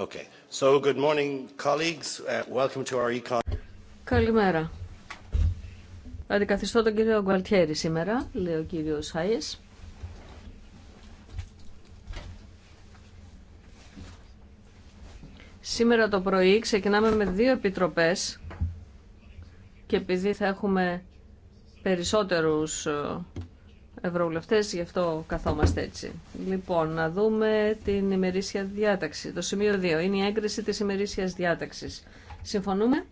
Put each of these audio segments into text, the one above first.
Okay. So, good morning, colleagues. Uh, welcome to our econ... Καλημέρα. Αντικαθιστώ τον κύριο Γκουαλτιέρη σήμερα, λέει ο κύριο Χάιε. Σήμερα το πρωί ξεκινάμε με δύο επιτροπές και επειδή θα έχουμε περισσότερους ε, ευρωβουλευτές, γι' αυτό καθόμαστε έτσι. Λοιπόν, να δούμε την ημερήσια διάταξη. Το σημείο 2 είναι η έγκριση της ημερήσιας διάταξης. Συμφωνούμε?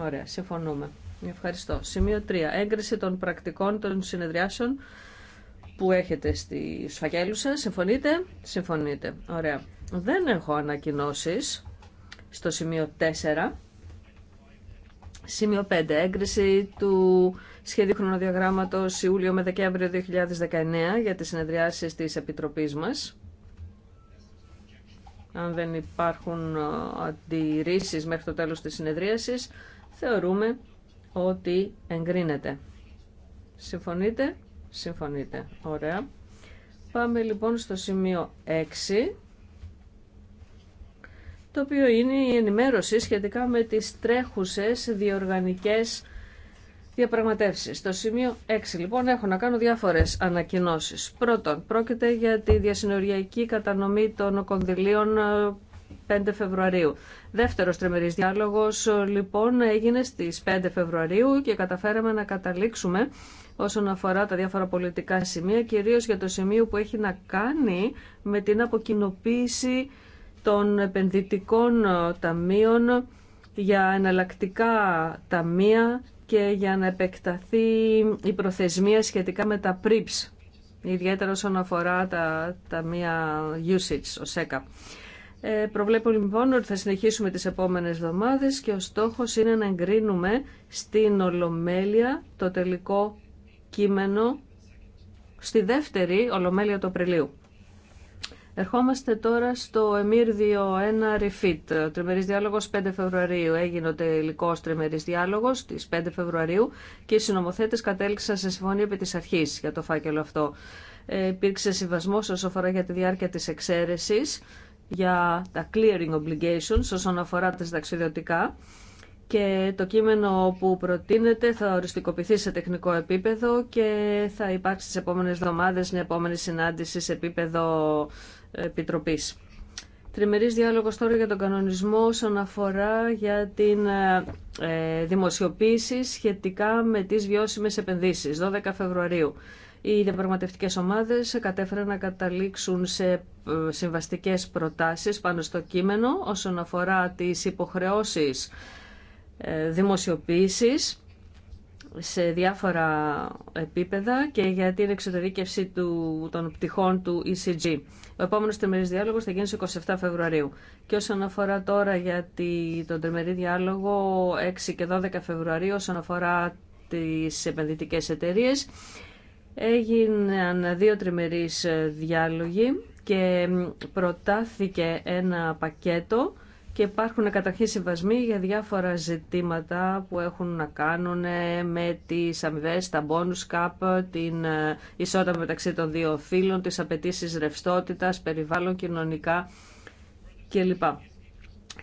Ωραία, συμφωνούμε. Ευχαριστώ. Σημείο 3. Έγκριση των πρακτικών των συνεδριάσεων που έχετε στη σφαγέλου σας. Συμφωνείτε? Συμφωνείτε. Ωραία. Δεν έχω ανακοινώσεις στο σημείο 4. Σημείο 5. Έγκριση του σχέδιο χρονοδιαγράμματος Ιούλιο με Δεκέμβριο 2019 για τις συνεδριάσεις της Επιτροπής μας. Αν δεν υπάρχουν ε, αντιρρήσεις μέχρι το τέλος της συνεδρίασης, θεωρούμε ότι εγκρίνεται. Συμφωνείτε? Συμφωνείτε. Ωραία. Πάμε λοιπόν στο σημείο 6 το οποίο είναι η ενημέρωση σχετικά με τις τρέχουσες διοργανικές διαπραγματεύσει. Το σημείο 6 λοιπόν έχω να κάνω διάφορε ανακοινώσει. Πρώτον, πρόκειται για τη διασυνοριακή κατανομή των κονδυλίων 5 ε, Φεβρουαρίου. Δεύτερο τρεμερή διάλογο ε, λοιπόν έγινε στι 5 Φεβρουαρίου και καταφέραμε να καταλήξουμε όσον αφορά τα διάφορα πολιτικά σημεία, κυρίως για το σημείο που έχει να κάνει με την αποκοινοποίηση των επενδυτικών ε, ταμείων για εναλλακτικά ταμεία και για να επεκταθεί η προθεσμία σχετικά με τα PRIPS, ιδιαίτερα όσον αφορά τα ταμεία usage, ο ΣΕΚΑ. Ε, προβλέπω λοιπόν ότι θα συνεχίσουμε τις επόμενες εβδομάδες και ο στόχος είναι να εγκρίνουμε στην Ολομέλεια το τελικό κείμενο στη δεύτερη Ολομέλεια του Απριλίου. Ερχόμαστε τώρα στο ΕΜΙΡ 1 REFIT. Ο τριμερής διάλογος 5 Φεβρουαρίου έγινε ο τελικός τριμερής διάλογος της 5 Φεβρουαρίου και οι συνομοθέτες κατέληξαν σε συμφωνία επί της αρχής για το φάκελο αυτό. Ε, υπήρξε συμβασμός όσο αφορά για τη διάρκεια της εξαίρεσης για τα clearing obligations όσον αφορά τις δαξιδιωτικά και το κείμενο που προτείνεται θα οριστικοποιηθεί σε τεχνικό επίπεδο και θα υπάρξει τις επόμενες εβδομάδες μια επόμενη συνάντηση σε επίπεδο Επιτροπής. Τριμερής διάλογος τώρα για τον κανονισμό όσον αφορά για την ε, ε, δημοσιοποίηση σχετικά με τις βιώσιμες επενδύσεις, 12 Φεβρουαρίου. Οι διαπραγματευτικέ ομάδες κατέφεραν να καταλήξουν σε ε, συμβαστικές προτάσεις πάνω στο κείμενο όσον αφορά τις υποχρεώσεις δημοσιοποίησης σε διάφορα επίπεδα και για την εξωτερήκευση του, των πτυχών του ECG. Ο επόμενο τριμερή διάλογο θα γίνει στι 27 Φεβρουαρίου. Και όσον αφορά τώρα για τον τριμερή διάλογο 6 και 12 Φεβρουαρίου, όσον αφορά τι επενδυτικέ εταιρείε, έγιναν δύο τριμερεί διάλογοι και προτάθηκε ένα πακέτο και υπάρχουν καταρχήν συμβασμοί για διάφορα ζητήματα που έχουν να κάνουν ε, με τις αμοιβέ, τα bonus cap, την ε, ισότητα μεταξύ των δύο φύλων, τις απαιτήσει ρευστότητα, περιβάλλον κοινωνικά κλπ.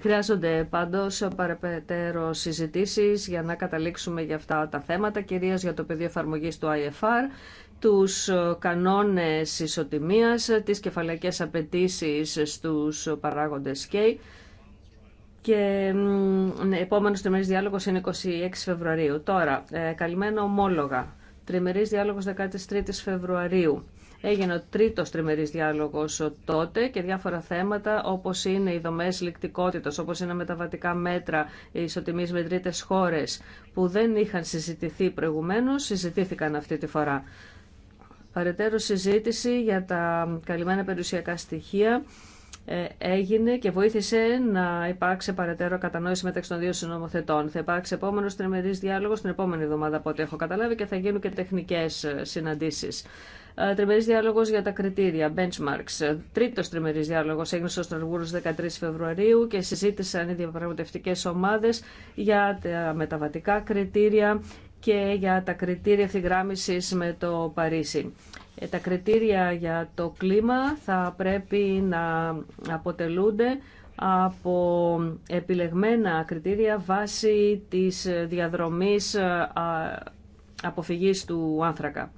Χρειάζονται πάντως παραπετέρω συζητήσεις για να καταλήξουμε για αυτά τα θέματα, κυρίως για το πεδίο εφαρμογή του IFR, τους ε, κανόνες ισοτιμίας, τις κεφαλαϊκές απαιτήσει στους παράγοντες K, και ναι, επόμενο τριμερή διάλογο είναι 26 Φεβρουαρίου. Τώρα, ε, καλυμμένα ομόλογα. ομόλογα. διάλογος 13 Φεβρουαρίου. Έγινε ο τρίτος τριμερή διάλογος τότε και διάφορα θέματα όπω είναι οι δομέ ληκτικότητα, όπω είναι μεταβατικά μέτρα ισοτιμίε με τρίτε χώρε που δεν είχαν συζητηθεί προηγουμένω. συζητήθηκαν αυτή τη φορά. Παρετέρω συζήτηση για τα καλυμμένα περιουσιακά στοιχεία ε, έγινε και βοήθησε να υπάρξει παρατέρω κατανόηση μεταξύ των δύο συνομοθετών. Θα υπάρξει επόμενο τριμερή διάλογο την επόμενη εβδομάδα, από ό,τι έχω καταλάβει, και θα γίνουν και τεχνικέ ε, συναντήσει. Ε, τριμερή διάλογο για τα κριτήρια, benchmarks. Τρίτο τριμερή διάλογο έγινε στο Στρασβούργο 13 Φεβρουαρίου και συζήτησαν οι διαπραγματευτικέ ομάδε για τα μεταβατικά κριτήρια και για τα κριτήρια ευθυγράμμιση με το Παρίσι. Ε, τα κριτήρια για το κλίμα θα πρέπει να αποτελούνται από επιλεγμένα κριτήρια βάσει της διαδρομής ε, αποφυγής του άνθρακα.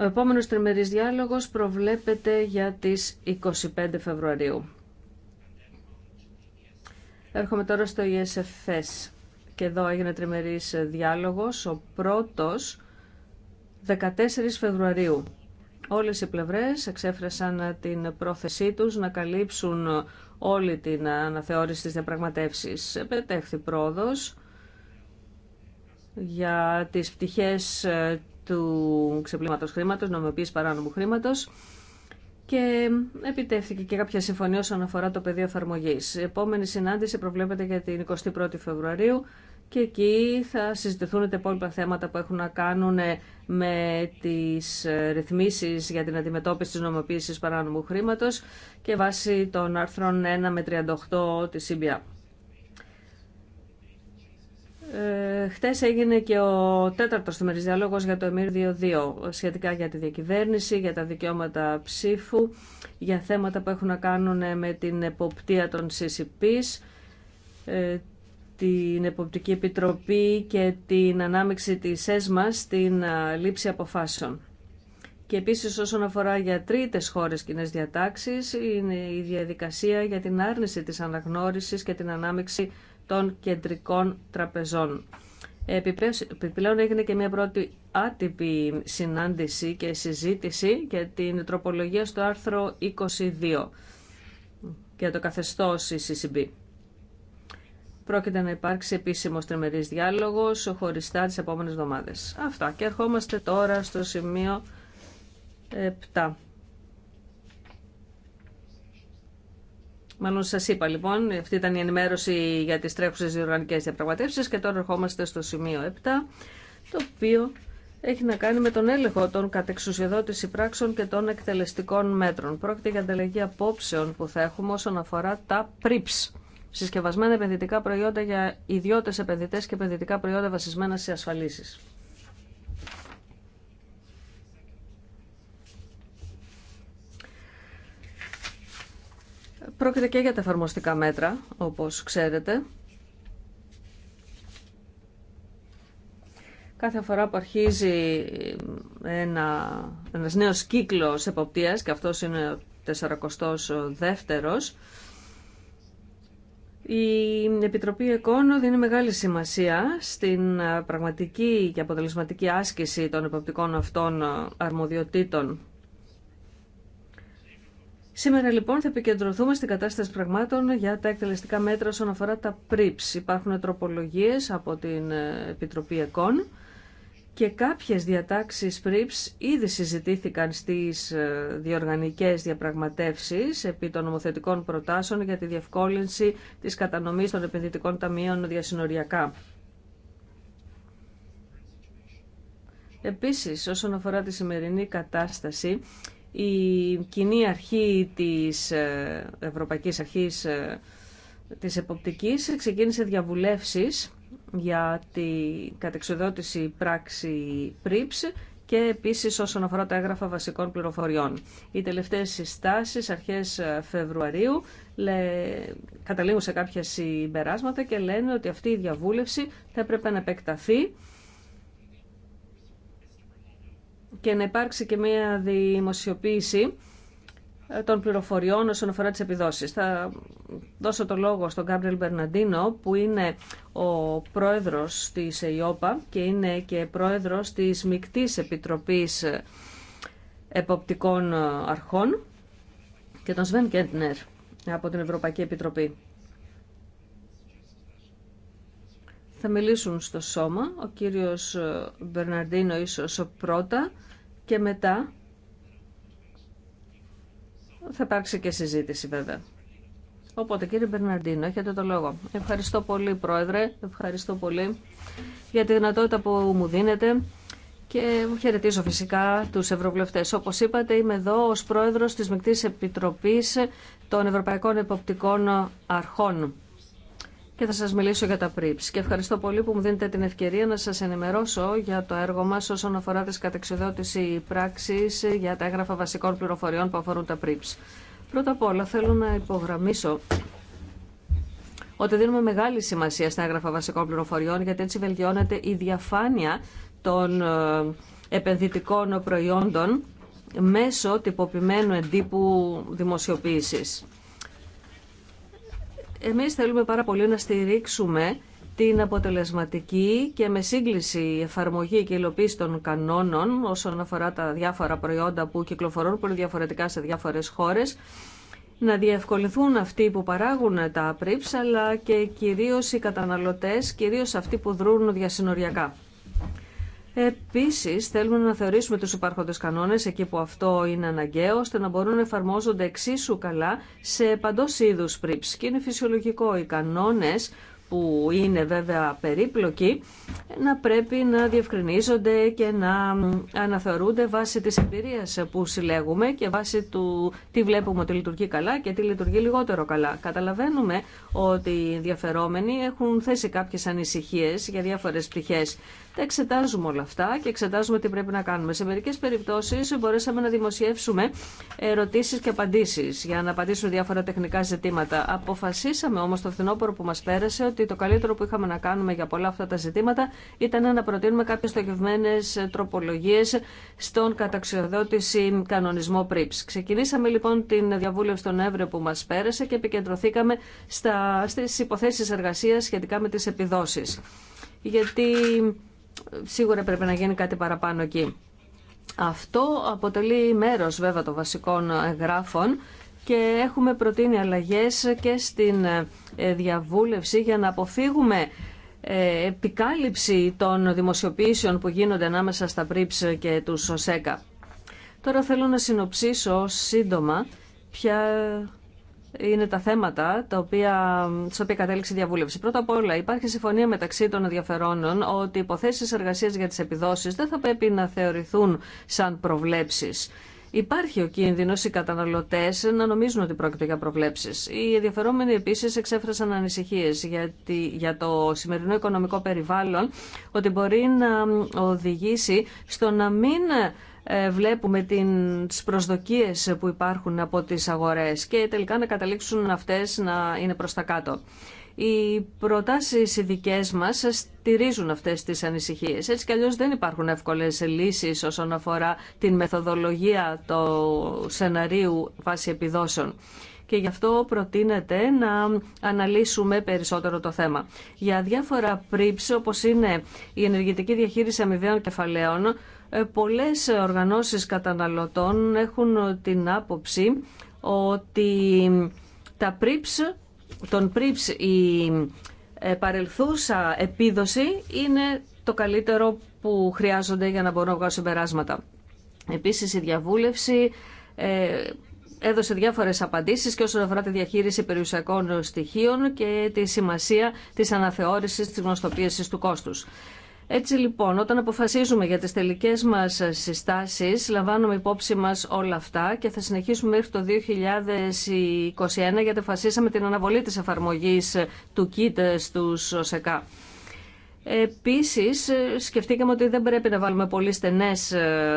Ο επόμενος τριμερής διάλογος προβλέπεται για τις 25 Φεβρουαρίου. Έρχομαι τώρα στο ESFS και εδώ έγινε τριμερής διάλογος. Ο πρώτος 14 Φεβρουαρίου. Όλες οι πλευρές εξέφρασαν την πρόθεσή τους να καλύψουν όλη την αναθεώρηση της διαπραγματεύσης. Επετέχθη πρόοδος για τις πτυχές ε, του ξεπλήματος χρήματος, νομιμοποίησης παράνομου χρήματος και επιτεύθηκε και κάποια συμφωνία όσον αφορά το πεδίο εφαρμογή. Η επόμενη συνάντηση προβλέπεται για την 21η Φεβρουαρίου και εκεί θα συζητηθούν τα υπόλοιπα θέματα που έχουν να κάνουν με τις ρυθμίσεις για την αντιμετώπιση της νομοποίησης παράνομου χρήματος και βάσει των άρθρων 1 με 38 της ΣΥΜΠΙΑ. Ε, χτες έγινε και ο τέταρτος του διάλογος για το ΕΜΗΡΔΙΟ 2.2 σχετικά για τη διακυβέρνηση, για τα δικαιώματα ψήφου, για θέματα που έχουν να κάνουν με την εποπτεία των CCP's, ε, την Εποπτική Επιτροπή και την ανάμειξη της ΕΣΜΑ στην λήψη αποφάσεων. Και επίσης όσον αφορά για τρίτες χώρες κοινέ διατάξεις είναι η διαδικασία για την άρνηση της αναγνώρισης και την ανάμειξη των κεντρικών τραπεζών. Επιπλέον έγινε και μια πρώτη άτυπη συνάντηση και συζήτηση για την τροπολογία στο άρθρο 22 για το καθεστώς CCB. Πρόκειται να υπάρξει επίσημος τριμερής διάλογος χωριστά τις επόμενες εβδομάδες. Αυτά και ερχόμαστε τώρα στο σημείο 7. Μάλλον σας είπα λοιπόν, αυτή ήταν η ενημέρωση για τις τρέχουσες διοργανικές διαπραγματεύσεις και τώρα ερχόμαστε στο σημείο 7, το οποίο έχει να κάνει με τον έλεγχο των κατεξουσιοδότηση πράξεων και των εκτελεστικών μέτρων. Πρόκειται για ανταλλαγή απόψεων που θα έχουμε όσον αφορά τα PRIPS συσκευασμένα επενδυτικά προϊόντα για ιδιώτες επενδυτές και επενδυτικά προϊόντα βασισμένα σε ασφαλίσεις. Πρόκειται και για τα εφαρμοστικά μέτρα, όπως ξέρετε. Κάθε φορά που αρχίζει ένα, ένας νέος κύκλος εποπτείας, και αυτός είναι ο 42ος η Επιτροπή Εκόνο δίνει μεγάλη σημασία στην ε, πραγματική και αποτελεσματική άσκηση των εποπτικών αυτών ε, αρμοδιοτήτων. Σήμερα λοιπόν θα επικεντρωθούμε στην κατάσταση πραγμάτων για τα εκτελεστικά μέτρα όσον αφορά τα PRIPS. Υπάρχουν τροπολογίες από την ε, Επιτροπή ΕΚΟΝ και κάποιες διατάξεις πριπς ήδη συζητήθηκαν στις ε, διοργανικές διαπραγματεύσεις επί των νομοθετικών προτάσεων για τη διευκόλυνση της κατανομής των επενδυτικών ταμείων διασυνοριακά. Επίσης, όσον αφορά τη σημερινή κατάσταση, η κοινή αρχή της ε, Ευρωπαϊκής Αρχής ε, της Εποπτικής ξεκίνησε διαβουλεύσεις για την κατεξοδότηση πράξη πρίψη και επίσης όσον αφορά τα έγγραφα βασικών πληροφοριών. Οι τελευταίες συστάσεις αρχές Φεβρουαρίου λέ, καταλήγουν σε κάποια συμπεράσματα και λένε ότι αυτή η διαβούλευση θα έπρεπε να επεκταθεί και να υπάρξει και μια δημοσιοποίηση των πληροφοριών όσον αφορά τις επιδόσεις. Θα δώσω το λόγο στον Γκάμπριελ Μπερναντίνο που είναι ο πρόεδρος της ΕΙΟΠΑ και είναι και πρόεδρος της Μικτής Επιτροπής Εποπτικών Αρχών και τον Σβέν Κέντνερ από την Ευρωπαϊκή Επιτροπή. Θα μιλήσουν στο σώμα ο κύριος Μπερναντίνο ίσως πρώτα και μετά θα υπάρξει και συζήτηση βέβαια. Οπότε κύριε Μπερναντίνο, έχετε το λόγο. Ευχαριστώ πολύ πρόεδρε, ευχαριστώ πολύ για τη δυνατότητα που μου δίνετε και χαιρετίζω φυσικά τους ευρωβουλευτές. Όπως είπατε είμαι εδώ ως πρόεδρος της Μεκτής Επιτροπής των Ευρωπαϊκών Εποπτικών Αρχών και θα σας μιλήσω για τα πρίψ. Και ευχαριστώ πολύ που μου δίνετε την ευκαιρία να σας ενημερώσω για το έργο μας όσον αφορά τις κατεξοδότηση πράξης για τα έγγραφα βασικών πληροφοριών που αφορούν τα πρίψ. Πρώτα απ' όλα θέλω να υπογραμμίσω ότι δίνουμε μεγάλη σημασία στα έγγραφα βασικών πληροφοριών γιατί έτσι βελτιώνεται η διαφάνεια των ε, επενδυτικών προϊόντων μέσω τυποποιημένου εντύπου δημοσιοποίησης. Εμείς θέλουμε πάρα πολύ να στηρίξουμε την αποτελεσματική και με σύγκληση εφαρμογή και υλοποίηση των κανόνων όσον αφορά τα διάφορα προϊόντα που κυκλοφορούν πολύ διαφορετικά σε διάφορες χώρες να διευκολυθούν αυτοί που παράγουν τα πρίψα αλλά και κυρίως οι καταναλωτές, κυρίως αυτοί που δρούν διασυνοριακά. Επίση, θέλουμε να θεωρήσουμε του υπάρχοντε κανόνε εκεί που αυτό είναι αναγκαίο, ώστε να μπορούν να εφαρμόζονται εξίσου καλά σε παντό είδου πρίψη. Και είναι φυσιολογικό οι κανόνε που είναι βέβαια περίπλοκοι, να πρέπει να διευκρινίζονται και να αναθεωρούνται βάσει της εμπειρίας που συλλέγουμε και βάσει του τι βλέπουμε ότι λειτουργεί καλά και τι λειτουργεί λιγότερο καλά. Καταλαβαίνουμε ότι οι ενδιαφερόμενοι έχουν θέσει κάποιες ανησυχίες για διάφορες πτυχές. Τα εξετάζουμε όλα αυτά και εξετάζουμε τι πρέπει να κάνουμε. Σε μερικέ περιπτώσει μπορέσαμε να δημοσιεύσουμε ερωτήσει και απαντήσει για να απαντήσουμε διάφορα τεχνικά ζητήματα. Αποφασίσαμε όμω το φθινόπωρο που μα πέρασε ότι το καλύτερο που είχαμε να κάνουμε για πολλά αυτά τα ζητήματα ήταν να προτείνουμε κάποιε στοχευμένε τροπολογίε στον καταξιοδότηση κανονισμό πριψ. Ξεκινήσαμε λοιπόν την διαβούλευση τον Εύρεο που μα πέρασε και επικεντρωθήκαμε στι υποθέσει εργασία σχετικά με τι επιδόσει. Γιατί σίγουρα πρέπει να γίνει κάτι παραπάνω εκεί. Αυτό αποτελεί μέρος βέβαια των βασικών γράφων και έχουμε προτείνει αλλαγές και στην ε, διαβούλευση για να αποφύγουμε ε, επικάλυψη των δημοσιοποιήσεων που γίνονται ανάμεσα στα ΠΡΙΠΣ και τους ΣΟΣΕΚΑ. Τώρα θέλω να συνοψίσω σύντομα ποια είναι τα θέματα τα οποία, οποία κατέληξε η διαβούλευση. Πρώτα απ' όλα υπάρχει συμφωνία μεταξύ των ενδιαφερόνων ότι οι υποθέσεις εργασίας για τι επιδόσει δεν θα πρέπει να θεωρηθούν σαν προβλέψει. Υπάρχει ο κίνδυνο οι καταναλωτέ να νομίζουν ότι πρόκειται για προβλέψει. Οι ενδιαφερόμενοι επίση εξέφρασαν ανησυχίε για το σημερινό οικονομικό περιβάλλον ότι μπορεί να οδηγήσει στο να μην ε, βλέπουμε την, τις προσδοκίες που υπάρχουν από τις αγορές και τελικά να καταλήξουν αυτές να είναι προς τα κάτω. Οι προτάσεις οι μας στηρίζουν αυτές τις ανησυχίες. Έτσι κι αλλιώς δεν υπάρχουν εύκολες λύσεις όσον αφορά την μεθοδολογία του σεναρίου βάση επιδόσεων και γι' αυτό προτείνεται να αναλύσουμε περισσότερο το θέμα. Για διάφορα πρίψη, όπως είναι η ενεργητική διαχείριση αμοιβαίων κεφαλαίων, ε, πολλές οργανώσεις καταναλωτών έχουν την άποψη ότι τα πρίψ τον πρίψ η ε, παρελθούσα επίδοση είναι το καλύτερο που χρειάζονται για να μπορούν να βγάλουν συμπεράσματα. Επίσης η διαβούλευση ε, έδωσε διάφορες απαντήσεις και όσον αφορά τη διαχείριση περιουσιακών στοιχείων και τη σημασία της αναθεώρησης της γνωστοποίησης του κόστους. Έτσι λοιπόν, όταν αποφασίζουμε για τις τελικές μας συστάσεις, λαμβάνουμε υπόψη μας όλα αυτά και θα συνεχίσουμε μέχρι το 2021 γιατί αποφασίσαμε την αναβολή της εφαρμογής του ΚΙΤ στους ΟΣΕΚΑ. Επίσης, σκεφτήκαμε ότι δεν πρέπει να βάλουμε πολύ στενές,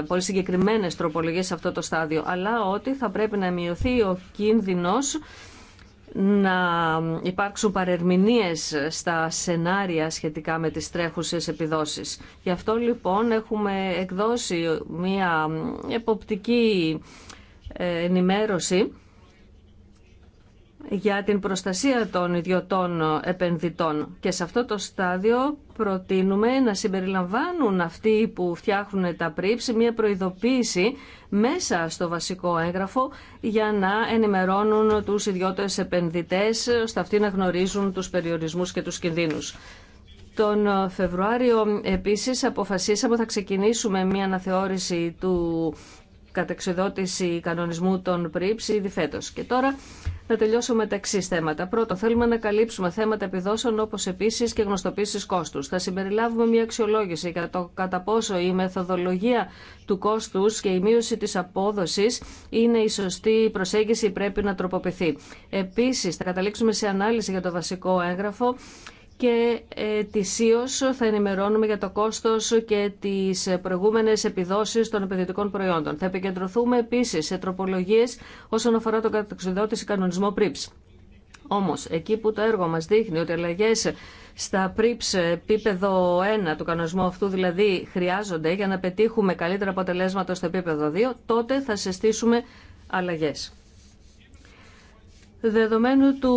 πολύ συγκεκριμένες τροπολογίες σε αυτό το στάδιο, αλλά ότι θα πρέπει να μειωθεί ο κίνδυνος να υπάρξουν παρερμηνίες στα σενάρια σχετικά με τις τρέχουσες επιδόσεις. Γι' αυτό λοιπόν έχουμε εκδώσει μια εποπτική ε, ενημέρωση για την προστασία των ιδιωτών επενδυτών. Και σε αυτό το στάδιο προτείνουμε να συμπεριλαμβάνουν αυτοί που φτιάχνουν τα πρίψη μια προειδοποίηση μέσα στο βασικό έγγραφο για να ενημερώνουν τους ιδιώτες επενδυτές ώστε αυτοί να γνωρίζουν τους περιορισμούς και τους κινδύνους. Τον Φεβρουάριο επίσης αποφασίσαμε ότι θα ξεκινήσουμε μια αναθεώρηση του κατεξοδότηση κανονισμού των πρίψη ήδη φέτος. Και τώρα θα τελειώσω με τα εξή θέματα. Πρώτο, θέλουμε να καλύψουμε θέματα επιδόσεων όπω επίση και γνωστοποίηση κόστου. Θα συμπεριλάβουμε μια αξιολόγηση για το κατά πόσο η μεθοδολογία του κόστου και η μείωση τη απόδοση είναι η σωστή προσέγγιση ή πρέπει να τροποποιηθεί. Επίση, θα καταλήξουμε σε ανάλυση για το βασικό έγγραφο και ε, ετησίως θα ενημερώνουμε για το κόστος και τις προηγούμενες επιδόσεις των επενδυτικών προϊόντων. Θα επικεντρωθούμε επίσης σε τροπολογίες όσον αφορά τον καταξιδότηση κανονισμό πρίψ. Όμως, εκεί που το έργο μας δείχνει ότι αλλαγέ στα πρίψ επίπεδο 1 του κανονισμού αυτού δηλαδή χρειάζονται για να πετύχουμε καλύτερα αποτελέσματα στο επίπεδο 2, τότε θα συστήσουμε αλλαγές δεδομένου του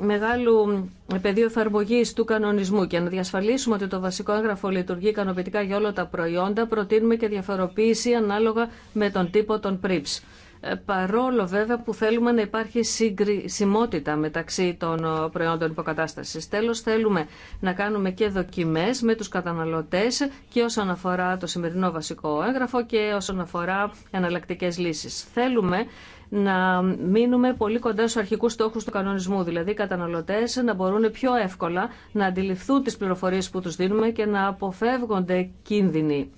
μεγάλου πεδίου εφαρμογή του κανονισμού και να διασφαλίσουμε ότι το βασικό έγγραφο λειτουργεί ικανοποιητικά για όλα τα προϊόντα, προτείνουμε και διαφοροποίηση ανάλογα με τον τύπο των PRIPS. Ε, παρόλο βέβαια που θέλουμε να υπάρχει συγκρισιμότητα μεταξύ των ε, προϊόντων υποκατάστασης. Τέλος, θέλουμε να κάνουμε και δοκιμές με τους καταναλωτές και όσον αφορά το σημερινό βασικό έγγραφο και όσον αφορά εναλλακτικές λύσεις. Θέλουμε να μείνουμε πολύ κοντά στους αρχικούς στόχους του κανονισμού, δηλαδή οι καταναλωτές να μπορούν πιο εύκολα να αντιληφθούν τις πληροφορίες που τους δίνουμε και να αποφεύγονται κίνδυνοι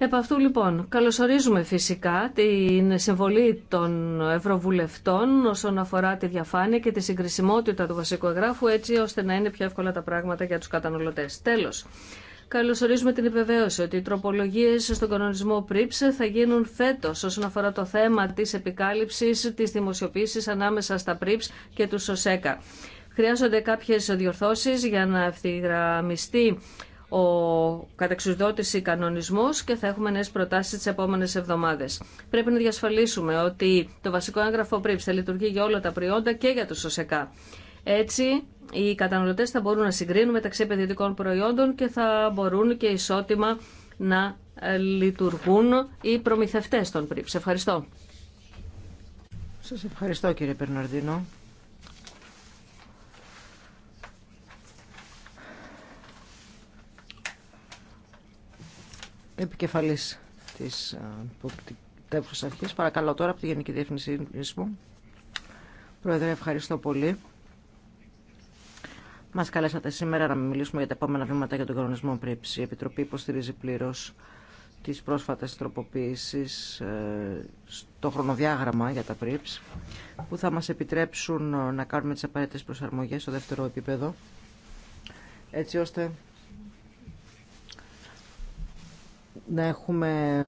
Επ' αυτού λοιπόν, καλωσορίζουμε φυσικά την συμβολή των Ευρωβουλευτών όσον αφορά τη διαφάνεια και τη συγκρισιμότητα του βασικού εγγράφου έτσι ώστε να είναι πιο εύκολα τα πράγματα για τους καταναλωτές. Τέλος, καλωσορίζουμε την επιβεβαίωση ότι οι τροπολογίες στον κανονισμό PRIPS θα γίνουν φέτος όσον αφορά το θέμα της επικάλυψης της δημοσιοποίησης ανάμεσα στα PRIPS και του ΣΟΣΕΚΑ. Χρειάζονται κάποιες διορθώσεις για να ευθυγραμμιστεί ο ή κανονισμός και θα έχουμε νέες προτάσεις τις επόμενες εβδομάδες. Πρέπει να διασφαλίσουμε ότι το βασικό έγγραφο πρίψ θα λειτουργεί για όλα τα προϊόντα και για το ΣΟΣΕΚΑ. Έτσι, οι καταναλωτές θα μπορούν να συγκρίνουν μεταξύ επενδυτικών προϊόντων και θα μπορούν και ισότιμα να ε, λειτουργούν οι προμηθευτές των πρίψ. Ευχαριστώ. Σας ευχαριστώ κύριε Περναρδίνο. επικεφαλής της Υποπτεύχους ε, αρχή. Παρακαλώ τώρα από τη Γενική Διεύθυνση μου. Πρόεδρε, ευχαριστώ πολύ. Μας καλέσατε σήμερα να μιλήσουμε για τα επόμενα βήματα για τον κανονισμό ΠΡΕΠΣ. Η Επιτροπή υποστηρίζει πλήρως τι πρόσφατες τροποποίησεις ε, στο χρονοδιάγραμμα για τα PRIPS που θα μας επιτρέψουν να κάνουμε τι απαραίτητε προσαρμογέ στο δεύτερο επίπεδο έτσι ώστε να έχουμε,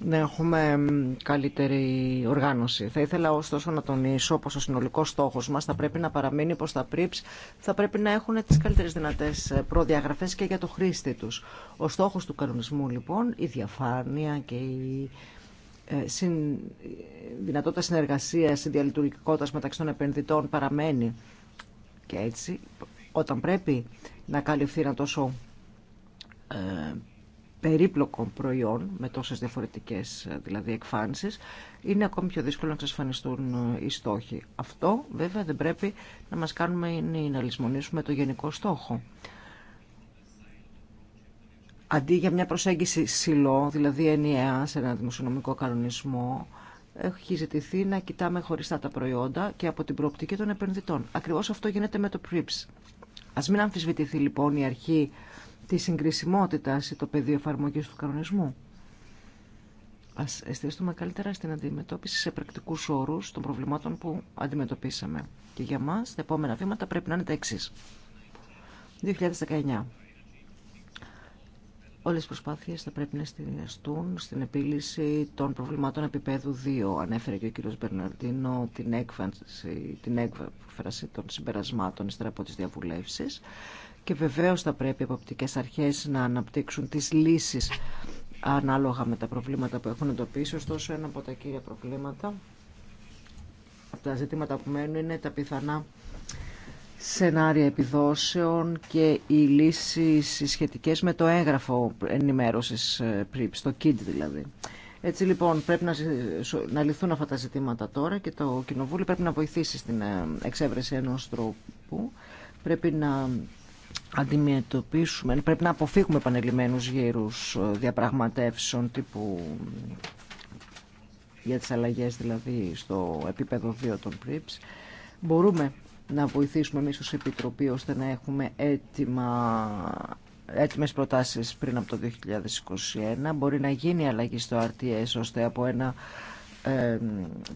να έχουμε καλύτερη οργάνωση. Θα ήθελα ωστόσο να τονίσω πως ο συνολικός στόχος μας θα πρέπει να παραμείνει πως τα PRIPS θα πρέπει να έχουν τις καλύτερες δυνατές ε, προδιαγραφές και για το χρήστη τους. Ο στόχος του κανονισμού λοιπόν, η διαφάνεια και η ε, δυνατότητα συνεργασίας, η διαλειτουργικότητα μεταξύ των επενδυτών παραμένει. Και έτσι, όταν πρέπει να καλυφθεί ένα τόσο ε, περίπλοκο προϊόν, με τόσες διαφορετικές ε, δηλαδή εκφάνσεις, είναι ακόμη πιο δύσκολο να εξασφανιστούν ε, οι στόχοι. Αυτό βέβαια δεν πρέπει να μας κάνουμε ή να λησμονήσουμε το γενικό στόχο. Αντί για μια προσέγγιση σιλό, δηλαδή ενιαία σε ένα δημοσιονομικό κανονισμό, έχει ζητηθεί να κοιτάμε χωριστά τα προϊόντα και από την προοπτική των επενδυτών. Ακριβώς αυτό γίνεται με το PRIPS. Ας μην αμφισβητηθεί λοιπόν η αρχή τη συγκρισιμότητα ή το πεδίο εφαρμογή του κανονισμού. Α εστιαστούμε καλύτερα στην αντιμετώπιση σε πρακτικού όρου των προβλημάτων που αντιμετωπίσαμε. Και για μα τα επόμενα βήματα πρέπει να είναι τα εξή. 2019. Όλε οι προσπάθειε θα πρέπει να εστιαστούν στην επίλυση των προβλημάτων επίπεδου 2. Ανέφερε και ο κ. Μπερναρντίνο την έκφραση των συμπερασμάτων ύστερα από τι διαβουλεύσει και βεβαίως θα πρέπει οι εποπτικές αρχές να αναπτύξουν τις λύσεις ανάλογα με τα προβλήματα που έχουν εντοπίσει. Ωστόσο, ένα από τα κύρια προβλήματα, από τα ζητήματα που μένουν, είναι τα πιθανά σενάρια επιδόσεων και οι λύσεις σχετικές με το έγγραφο ενημέρωσης ε, στο το KID δηλαδή. Έτσι λοιπόν πρέπει να, να λυθούν αυτά τα ζητήματα τώρα και το Κοινοβούλιο πρέπει να βοηθήσει στην ε, εξέβρεση ενός τρόπου. Πρέπει να αντιμετωπίσουμε, πρέπει να αποφύγουμε επανελειμμένους γύρους ε, διαπραγματεύσεων τύπου για τις αλλαγές δηλαδή στο επίπεδο 2 των ΠΡΙΠΣ, μπορούμε να βοηθήσουμε εμείς ως Επιτροπή ώστε να έχουμε έτοιμα, έτοιμες προτάσεις πριν από το 2021. Μπορεί να γίνει αλλαγή στο RTS ώστε από ένα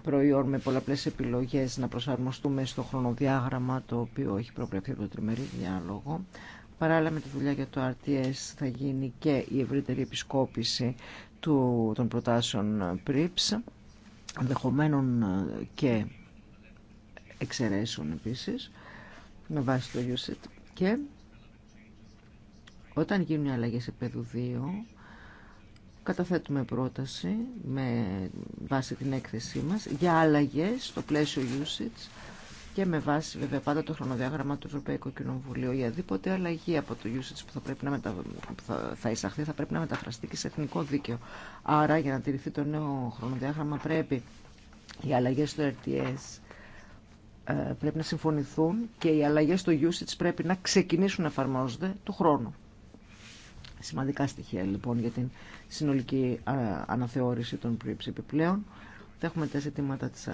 προϊόν με πολλαπλές επιλογές να προσαρμοστούμε στο χρονοδιάγραμμα το οποίο έχει προβλεφθεί από το τριμερή διάλογο. Παράλληλα με τη δουλειά για το RTS θα γίνει και η ευρύτερη επισκόπηση του, των προτάσεων PRIPS, ενδεχομένων ε, και εξαιρέσεων επίσης, με βάση το USET. Και όταν γίνουν οι αλλαγές σε καταθέτουμε πρόταση με βάση την έκθεσή μας για αλλαγές στο πλαίσιο usage και με βάση βέβαια πάντα το χρονοδιάγραμμα του Ευρωπαϊκού Κοινοβουλίου. για αδίποτε αλλαγή από το usage που θα, πρέπει να μετα... θα, εισαχθεί θα πρέπει να μεταφραστεί και σε εθνικό δίκαιο. Άρα για να τηρηθεί το νέο χρονοδιάγραμμα πρέπει οι αλλαγές στο RTS ε, πρέπει να συμφωνηθούν και οι αλλαγές στο usage πρέπει να ξεκινήσουν να εφαρμόζονται του χρόνου. Σημαντικά στοιχεία λοιπόν για την συνολική αναθεώρηση των πρίψ επιπλέον. Θα έχουμε τα ζητήματα της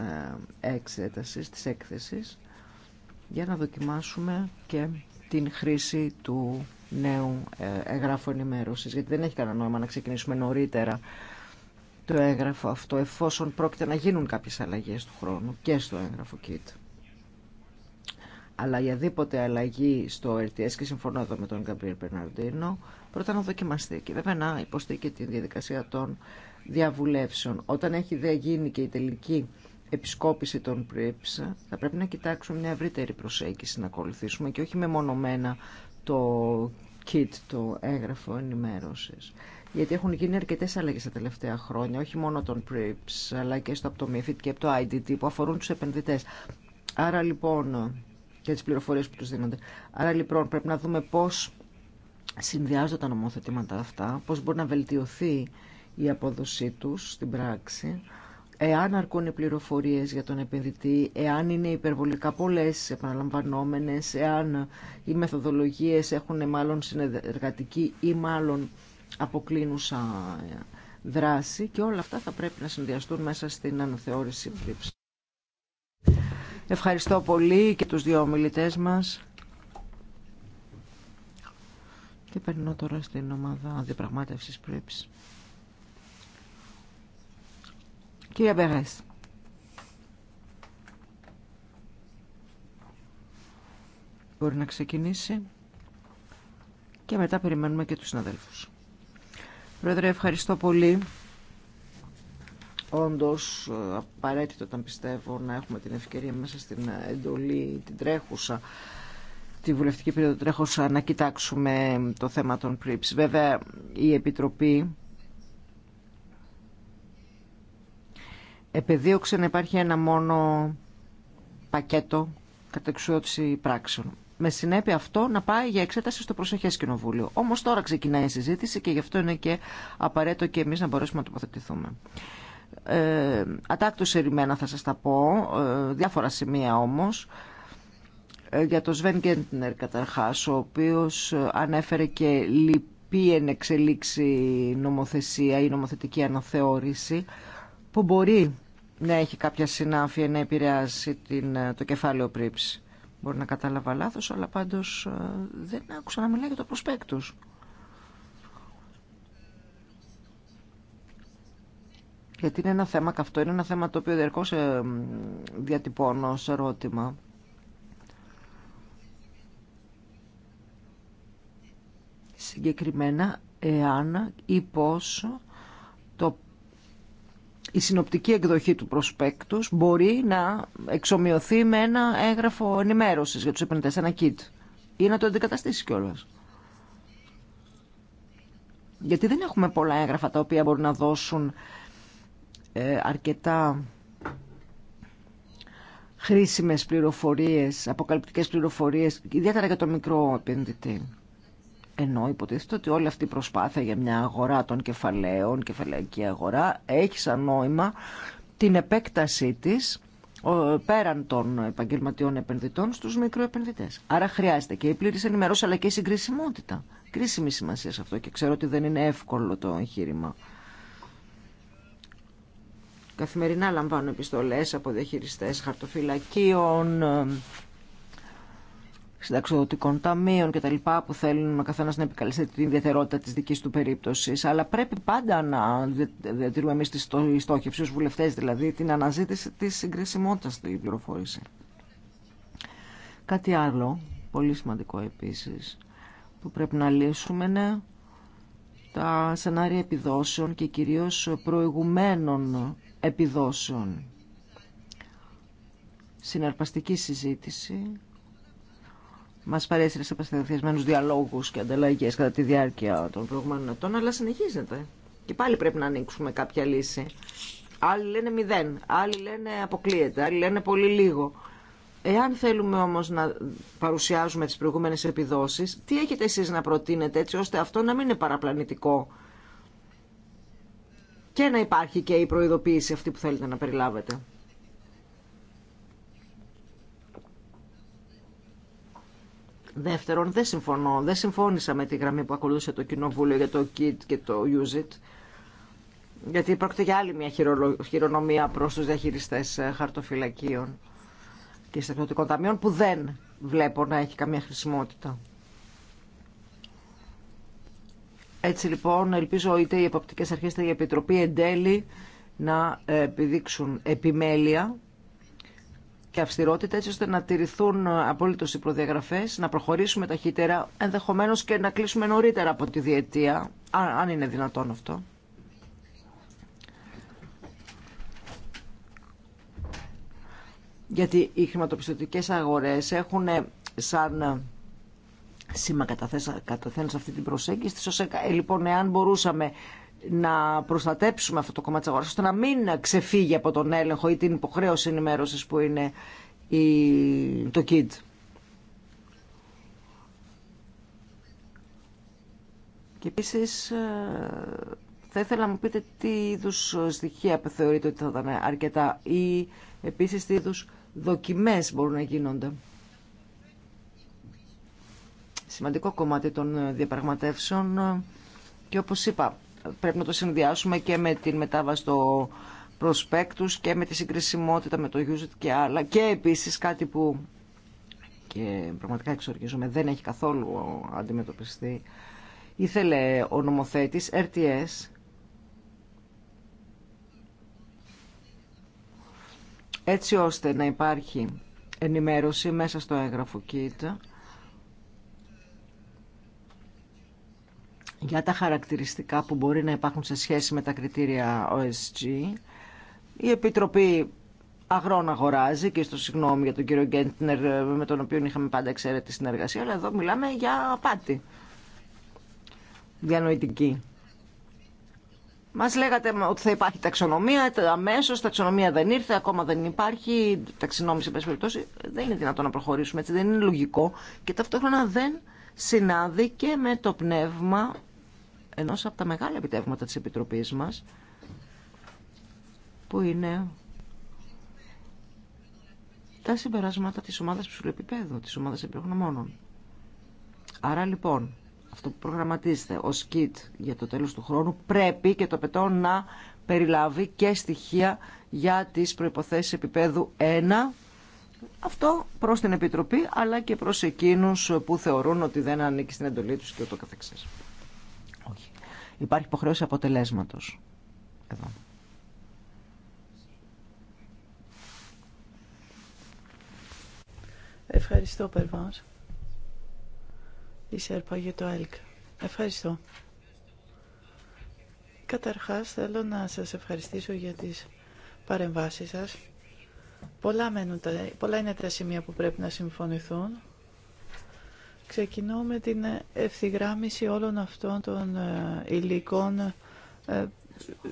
εξέτασης, της έκθεσης, για να δοκιμάσουμε και την χρήση του νέου ε, εγγράφου ενημέρωσης, γιατί δεν έχει κανένα νόημα να ξεκινήσουμε νωρίτερα το έγγραφο αυτό, εφόσον πρόκειται να γίνουν κάποιες αλλαγές του χρόνου και στο έγγραφο ΚΙΤ αλλά για δίποτε αλλαγή στο RTS και συμφωνώ εδώ με τον Γκαμπριέλ Περναρντίνο πρώτα να δοκιμαστεί και βέβαια να υποστεί και τη διαδικασία των διαβουλεύσεων. Όταν έχει δε γίνει και η τελική επισκόπηση των ΠΡΙΠΣ, θα πρέπει να κοιτάξουμε μια ευρύτερη προσέγγιση να ακολουθήσουμε και όχι μεμονωμένα το kit, το έγγραφο ενημέρωσης. Γιατί έχουν γίνει αρκετέ αλλαγέ τα τελευταία χρόνια, όχι μόνο των ΠΡΙΠΣ, αλλά και στο από το MIFID και από το IDT που αφορούν του επενδυτέ. Άρα λοιπόν και τι πληροφορίες που του δίνονται. Άρα λοιπόν πρέπει να δούμε πώς συνδυάζονται τα νομοθετήματα αυτά, πώς μπορεί να βελτιωθεί η απόδοσή τους στην πράξη, εάν αρκούν οι πληροφορίες για τον επενδυτή, εάν είναι υπερβολικά πολλές επαναλαμβανόμενε, εάν οι μεθοδολογίες έχουν μάλλον συνεργατική ή μάλλον αποκλίνουσα δράση και όλα αυτά θα πρέπει να συνδυαστούν μέσα στην αναθεώρηση Ευχαριστώ πολύ και τους δύο ομιλητές μας. Και περνώ τώρα στην ομάδα αντιπραγμάτευσης πρέπει. Κύριε Μπερές. Μπορεί να ξεκινήσει και μετά περιμένουμε και τους συναδέλφους. Πρόεδρε, ευχαριστώ πολύ όντως ε, απαραίτητο όταν πιστεύω να έχουμε την ευκαιρία μέσα στην εντολή την τρέχουσα τη βουλευτική περίοδο τρέχουσα να κοιτάξουμε το θέμα των πρίψ Βέβαια η Επιτροπή επεδίωξε να υπάρχει ένα μόνο πακέτο κατεξιότηση πράξεων. Με συνέπεια αυτό να πάει για εξέταση στο προσεχέ κοινοβούλιο. Όμω τώρα ξεκινάει η συζήτηση και γι' αυτό είναι και απαραίτητο και εμεί να μπορέσουμε να τοποθετηθούμε ε, ατάκτως ερημένα θα σας τα πω, ε, διάφορα σημεία όμως, ε, για τον Σβέν Γκέντνερ καταρχάς, ο οποίος ε, ανέφερε και λυπή εν εξελίξη νομοθεσία ή νομοθετική αναθεώρηση, που μπορεί να έχει κάποια συνάφεια να επηρεάσει την, το κεφάλαιο πρίψη. Μπορεί να κατάλαβα λάθος, αλλά πάντως δεν άκουσα να μιλάει για το προσπέκτους. γιατί είναι ένα θέμα καυτό, είναι ένα θέμα το οποίο διαρκώς ε, διατυπώνω ως ερώτημα. Συγκεκριμένα, εάν ή πόσο το η συνοπτική εκδοχή του προσπέκτους μπορεί να εξομοιωθεί με ένα έγγραφο ενημέρωσης για τους επενδυτές, ένα kit, ή να το αντικαταστήσει κιόλας. Γιατί δεν έχουμε πολλά έγγραφα τα οποία μπορούν να δώσουν ε, αρκετά χρήσιμες πληροφορίες, αποκαλυπτικές πληροφορίες, ιδιαίτερα για το μικρό επενδυτή. Ενώ υποτίθεται ότι όλη αυτή η προσπάθεια για μια αγορά των κεφαλαίων, κεφαλαϊκή αγορά, έχει σαν νόημα την επέκτασή της πέραν των επαγγελματιών επενδυτών στους μικροεπενδυτές. Άρα χρειάζεται και η πλήρης ενημέρωση αλλά και η συγκρισιμότητα. Κρίσιμη σημασία σε αυτό και ξέρω ότι δεν είναι εύκολο το εγχείρημα. Καθημερινά λαμβάνω επιστολές από διαχειριστές χαρτοφυλακίων, ε, συνταξιδοτικών ταμείων λοιπά που θέλουν ο καθένα να επικαλεστεί την ιδιαιτερότητα της δικής του περίπτωση. Αλλά πρέπει πάντα να διατηρούμε εμείς τη στόχευση, ως βουλευτέ δηλαδή, την αναζήτηση της συγκρισιμότητας στην πληροφόρηση. Κάτι άλλο, πολύ σημαντικό επίση, που πρέπει να λύσουμε είναι τα σενάρια επιδόσεων και κυρίως προηγουμένων επιδόσεων. Συναρπαστική συζήτηση. Μα παρέσυρε σε διαλόγους και ανταλλαγέ κατά τη διάρκεια των προηγούμενων ετών, αλλά συνεχίζεται. Και πάλι πρέπει να ανοίξουμε κάποια λύση. Άλλοι λένε μηδέν, άλλοι λένε αποκλείεται, άλλοι λένε πολύ λίγο. Εάν θέλουμε όμω να παρουσιάζουμε τι προηγούμενε επιδόσεις, τι έχετε εσεί να προτείνετε έτσι ώστε αυτό να μην είναι παραπλανητικό και να υπάρχει και η προειδοποίηση αυτή που θέλετε να περιλάβετε. Δεύτερον, δεν συμφωνώ, δεν συμφώνησα με τη γραμμή που ακολούθησε το Κοινοβούλιο για το KIT και το Use It, γιατί πρόκειται για άλλη μια χειρονομία προς τους διαχειριστές ε, χαρτοφυλακίων και στρατιωτικών ταμείων που δεν βλέπω να έχει καμία χρησιμότητα. Έτσι λοιπόν ελπίζω είτε οι εποπτικές αρχές είτε η Επιτροπή εν τέλει να ε, επιδείξουν επιμέλεια και αυστηρότητα έτσι ώστε να τηρηθούν ε, απόλυτος οι προδιαγραφές, να προχωρήσουμε ταχύτερα, ενδεχομένως και να κλείσουμε νωρίτερα από τη διετία, αν είναι δυνατόν αυτό. Γιατί οι χρηματοπιστωτικές αγορές έχουν ε, σαν σήμα καταθέτουν σε αυτή την προσέγγιση. Ε, λοιπόν, εάν μπορούσαμε να προστατέψουμε αυτό το κομμάτι της αγοράς, ώστε να μην ξεφύγει από τον έλεγχο ή την υποχρέωση ενημέρωσης που είναι η... το KID. Και επίσης ε, θα ήθελα να μου πείτε τι είδου στοιχεία θεωρείτε ότι θα ήταν αρκετά ή επίσης τι είδου δοκιμές μπορούν να γίνονται σημαντικό κομμάτι των ε, διαπραγματεύσεων ε, και όπως είπα πρέπει να το συνδυάσουμε και με την μετάβαση στο προσπέκτους και με τη συγκρισιμότητα με το Uset και άλλα και επίσης κάτι που και πραγματικά εξοργίζομαι δεν έχει καθόλου αντιμετωπιστεί ήθελε ο νομοθέτης RTS έτσι ώστε να υπάρχει ενημέρωση μέσα στο έγγραφο KIT για τα χαρακτηριστικά που μπορεί να υπάρχουν σε σχέση με τα κριτήρια OSG. Η Επιτροπή Αγρών αγοράζει και στο συγγνώμη για τον κύριο Γκέντνερ με τον οποίο είχαμε πάντα εξαίρετη συνεργασία, αλλά εδώ μιλάμε για απάτη διανοητική. Μας λέγατε ότι θα υπάρχει ταξονομία, αμέσως ταξονομία δεν ήρθε, ακόμα δεν υπάρχει, ταξινόμηση πες περιπτώσει, δεν είναι δυνατό να προχωρήσουμε έτσι, δεν είναι λογικό και ταυτόχρονα δεν συνάδει και με το πνεύμα ενός από τα μεγάλα επιτεύγματα της Επιτροπής μας που είναι τα συμπεράσματα της ομάδας ψηλοεπιπέδου, της ομάδας εμπειρογνωμόνων. Άρα λοιπόν, αυτό που προγραμματίζεται ως kit για το τέλος του χρόνου πρέπει και το πετώ να περιλάβει και στοιχεία για τις προϋποθέσεις επίπεδου 1 αυτό προς την Επιτροπή αλλά και προς εκείνους που θεωρούν ότι δεν ανήκει στην εντολή τους και ούτω καθεξής. Υπάρχει υποχρέωση αποτελέσματος. Εδώ. Ευχαριστώ, Περβάς. Είσαι το ΕΛΚ. Ευχαριστώ. Καταρχάς, θέλω να σας ευχαριστήσω για τις παρεμβάσεις σας. Πολλά, μένουν, πολλά είναι τα σημεία που πρέπει να συμφωνηθούν. Ξεκινώ με την ε, ευθυγράμμιση όλων αυτών των ε, υλικών ε,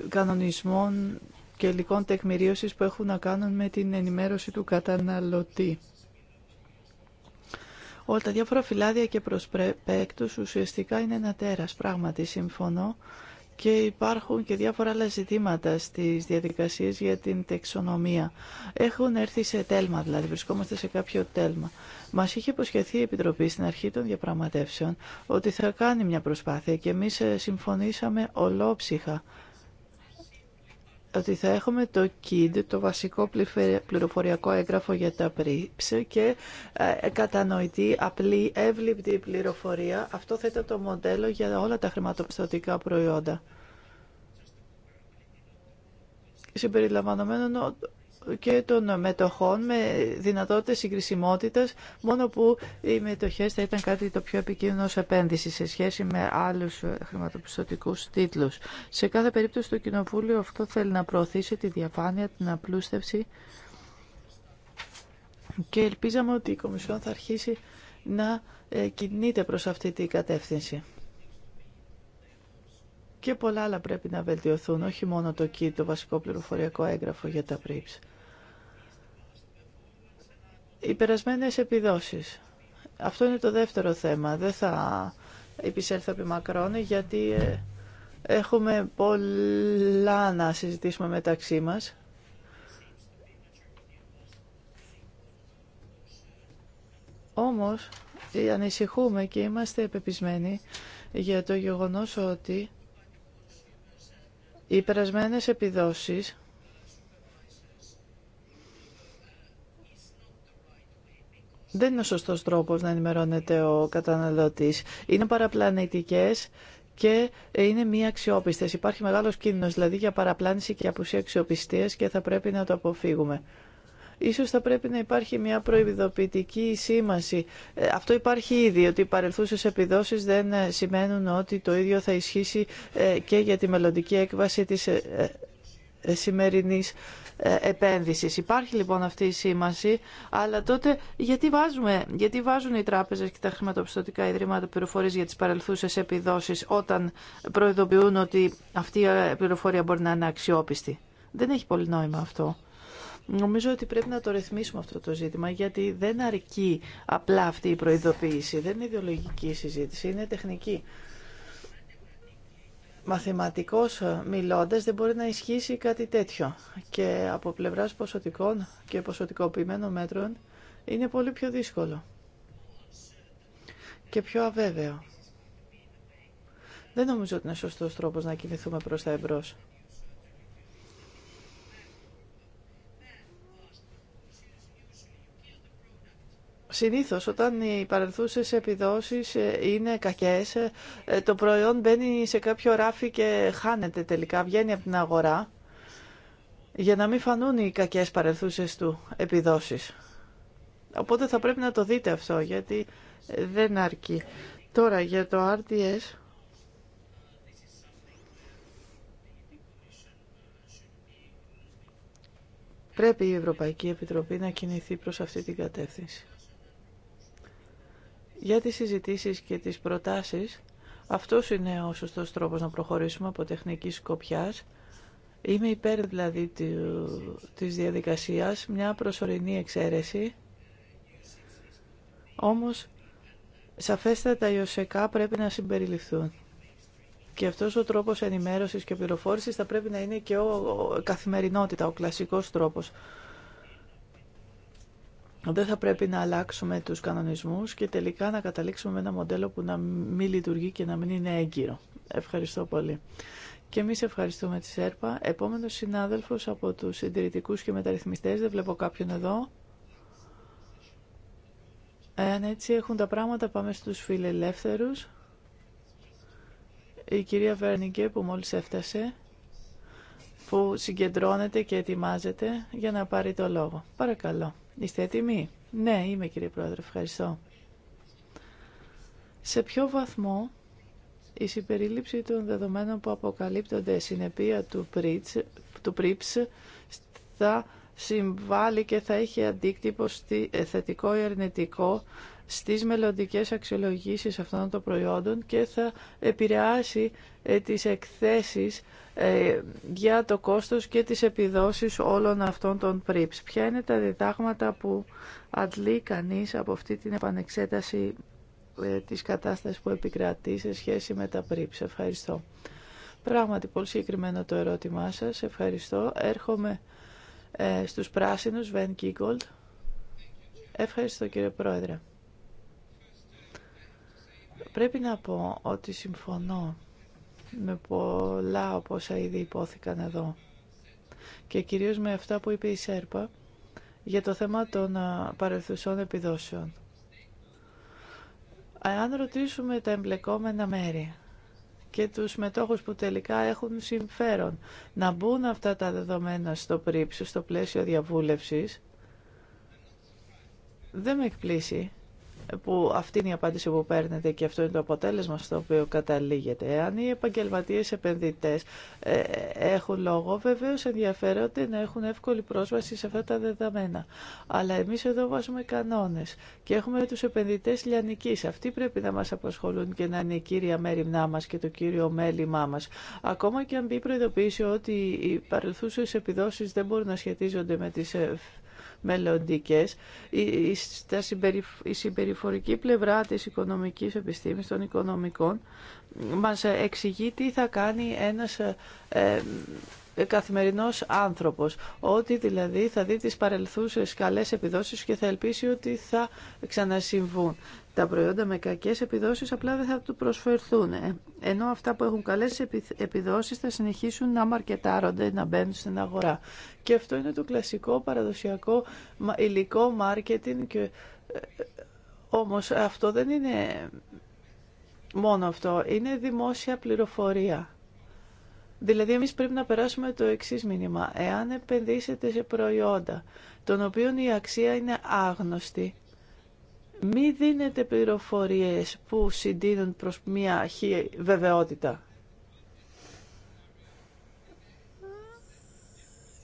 κανονισμών και υλικών τεκμηρίωσης που έχουν να κάνουν με την ενημέρωση του καταναλωτή. Όλα τα διάφορα φυλάδια και προσπέκτους ουσιαστικά είναι ένα τέρας. Πράγματι, συμφωνώ και υπάρχουν και διάφορα άλλα ζητήματα στις διαδικασίες για την τεξονομία. Έχουν έρθει σε τέλμα, δηλαδή βρισκόμαστε σε κάποιο τέλμα. Μας είχε υποσχεθεί η Επιτροπή στην αρχή των διαπραγματεύσεων ότι θα κάνει μια προσπάθεια και εμείς ε, συμφωνήσαμε ολόψυχα ότι θα έχουμε το KID, το βασικό πληροφοριακό έγγραφο για τα πρίψε και ε, κατανοητή, απλή, εύληπτη πληροφορία. Αυτό θα ήταν το μοντέλο για όλα τα χρηματοπιστωτικά προϊόντα συμπεριλαμβανομένων και των μετοχών με δυνατότητες συγκρισιμότητας, μόνο που οι μετοχές θα ήταν κάτι το πιο επικίνδυνο ως επένδυση σε σχέση με άλλους χρηματοπιστωτικούς τίτλους. Σε κάθε περίπτωση το Κοινοβούλιο αυτό θέλει να προωθήσει τη διαφάνεια, την απλούστευση και ελπίζαμε ότι η Κομισιόν θα αρχίσει να ε, κινείται προς αυτή την κατεύθυνση. Και πολλά άλλα πρέπει να βελτιωθούν, όχι μόνο το το βασικό πληροφοριακό έγγραφο για τα οι περασμένες επιδόσεις. Αυτό είναι το δεύτερο θέμα. Δεν θα επισέλθω επί μακρόν γιατί ε, έχουμε πολλά να συζητήσουμε μεταξύ μας. Όμως ε, ανησυχούμε και είμαστε επεπισμένοι για το γεγονός ότι οι περασμένες επιδόσεις δεν είναι σωστός τρόπος να ενημερώνεται ο καταναλωτής. Είναι παραπλανητικές και είναι μη αξιόπιστες. Υπάρχει μεγάλος κίνδυνος δηλαδή για παραπλάνηση και απουσία αξιοπιστίας και θα πρέπει να το αποφύγουμε. Ίσως θα πρέπει να υπάρχει μια προειδοποιητική σήμαση. Ε, αυτό υπάρχει ήδη, ότι οι παρελθούσες επιδόσεις δεν ε, σημαίνουν ότι το ίδιο θα ισχύσει ε, και για τη μελλοντική έκβαση της σημερινής ε, επένδυσης. Υπάρχει λοιπόν αυτή η σήμαση, αλλά τότε γιατί, βάζουμε, γιατί βάζουν οι τράπεζες και τα χρηματοπιστωτικά ιδρύματα πληροφορίες για τις παρελθούσες επιδόσεις όταν προειδοποιούν ότι αυτή η πληροφορία μπορεί να είναι αξιόπιστη. Δεν έχει πολύ νόημα αυτό. Νομίζω ότι πρέπει να το ρυθμίσουμε αυτό το ζήτημα, γιατί δεν αρκεί απλά αυτή η προειδοποίηση. Δεν είναι ιδεολογική συζήτηση, είναι τεχνική μαθηματικώς ε, μιλώντας δεν μπορεί να ισχύσει κάτι τέτοιο και από πλευράς ποσοτικών και ποσοτικοποιημένων μέτρων είναι πολύ πιο δύσκολο και πιο αβέβαιο. Δεν νομίζω ότι είναι σωστός τρόπος να κινηθούμε προς τα εμπρός. Συνήθως όταν οι παρελθούσες επιδόσεις ε, είναι κακές, ε, ε, το προϊόν μπαίνει σε κάποιο ράφι και χάνεται τελικά, βγαίνει από την αγορά, για να μην φανούν οι κακές παρελθούσες του επιδόσεις. Οπότε θα πρέπει να το δείτε αυτό, γιατί δεν αρκεί. Τώρα για το RTS... Πρέπει η Ευρωπαϊκή Επιτροπή να κινηθεί προς αυτή την κατεύθυνση. Για τις συζητήσεις και τις προτάσεις, αυτό είναι ο σωστός τρόπος να προχωρήσουμε από τεχνική σκοπιάς. Είμαι υπέρ δηλαδή της διαδικασίας, μια προσωρινή εξαίρεση. Όμως, σαφέστατα οι ΟΣΕΚΑ πρέπει να συμπεριληφθούν. Και αυτός ο τρόπος ενημέρωσης και πληροφόρησης θα πρέπει να είναι και ο καθημερινότητα, ο κλασικός τρόπος δεν θα πρέπει να αλλάξουμε τους κανονισμούς και τελικά να καταλήξουμε με ένα μοντέλο που να μην λειτουργεί και να μην είναι έγκυρο. Ευχαριστώ πολύ. Και εμεί ευχαριστούμε τη ΣΕΡΠΑ. Επόμενο συνάδελφο από του συντηρητικού και μεταρρυθμιστέ, δεν βλέπω κάποιον εδώ. Εάν έτσι έχουν τα πράγματα, πάμε στου φιλελεύθερου. Η κυρία Βέρνικε που μόλις έφτασε, που συγκεντρώνεται και ετοιμάζεται για να πάρει το λόγο. Παρακαλώ. Είστε έτοιμοι? Ναι, είμαι κύριε Πρόεδρε, ευχαριστώ. Σε ποιο βαθμό η συμπερίληψη των δεδομένων που αποκαλύπτονται συνεπία του, ΠΡΙΠΣ του θα συμβάλλει και θα έχει αντίκτυπο στη ε, θετικό ή αρνητικό στις μελλοντικέ αξιολογήσεις αυτών των προϊόντων και θα επηρεάσει ε, τις εκθέσεις ε, για το κόστος και τις επιδόσεις όλων αυτών των πρίψ. Ποια είναι τα διδάγματα που αντλεί κανείς από αυτή την επανεξέταση ε, της κατάστασης που επικρατεί σε σχέση με τα πρίψ. Ευχαριστώ. Πράγματι, πολύ συγκεκριμένο το ερώτημά σας. Ευχαριστώ. Έρχομαι στους πράσινους, Βεν Κίγκολτ. Ευχαριστώ κύριε Πρόεδρε. Πρέπει να πω ότι συμφωνώ με πολλά από όσα ήδη υπόθηκαν εδώ και κυρίως με αυτά που είπε η Σέρπα για το θέμα των παρελθουσών επιδόσεων. Αν ρωτήσουμε τα εμπλεκόμενα μέρη και τους μετόχους που τελικά έχουν συμφέρον να μπουν αυτά τα δεδομένα στο πρίψο, στο πλαίσιο διαβούλευσης, δεν με εκπλήσει που αυτή είναι η απάντηση που παίρνετε και αυτό είναι το αποτέλεσμα στο οποίο καταλήγεται. Εάν οι επαγγελματίες επενδυτές ε, έχουν λόγο, βεβαίω ενδιαφέρονται να έχουν εύκολη πρόσβαση σε αυτά τα δεδομένα. Αλλά εμείς εδώ βάζουμε κανόνες και έχουμε τους επενδυτές λιανικής. Αυτοί πρέπει να μας απασχολούν και να είναι η κύρια μέρημνά μας και το κύριο μέλημά μας. Ακόμα και αν μπει προειδοποίηση ότι οι παρελθούσες επιδόσεις δεν μπορούν να σχετίζονται με τις ε, μελλοντικές. Η συμπεριφορική πλευρά της οικονομικής επιστήμης των οικονομικών μας εξηγεί τι θα κάνει ένας ε, ε, ε, καθημερινός άνθρωπος, ότι δηλαδή θα δει τις παρελθούσες καλές επιδόσεις και θα ελπίσει ότι θα ξανασυμβούν. Τα προϊόντα με κακές επιδόσεις απλά δεν θα του προσφερθούν, ε, ενώ αυτά που έχουν καλές επιδόσεις θα συνεχίσουν να μαρκετάρονται, να μπαίνουν στην αγορά. Και αυτό είναι το κλασικό παραδοσιακό υλικό μάρκετινγκ και... Ε, όμως αυτό δεν είναι μόνο αυτό, είναι δημόσια πληροφορία. Δηλαδή, εμεί πρέπει να περάσουμε το εξής μήνυμα. Εάν επενδύσετε σε προϊόντα, των οποίων η αξία είναι άγνωστη, μη δίνετε πληροφορίες που συντείνουν προς μια αρχή βεβαιότητα.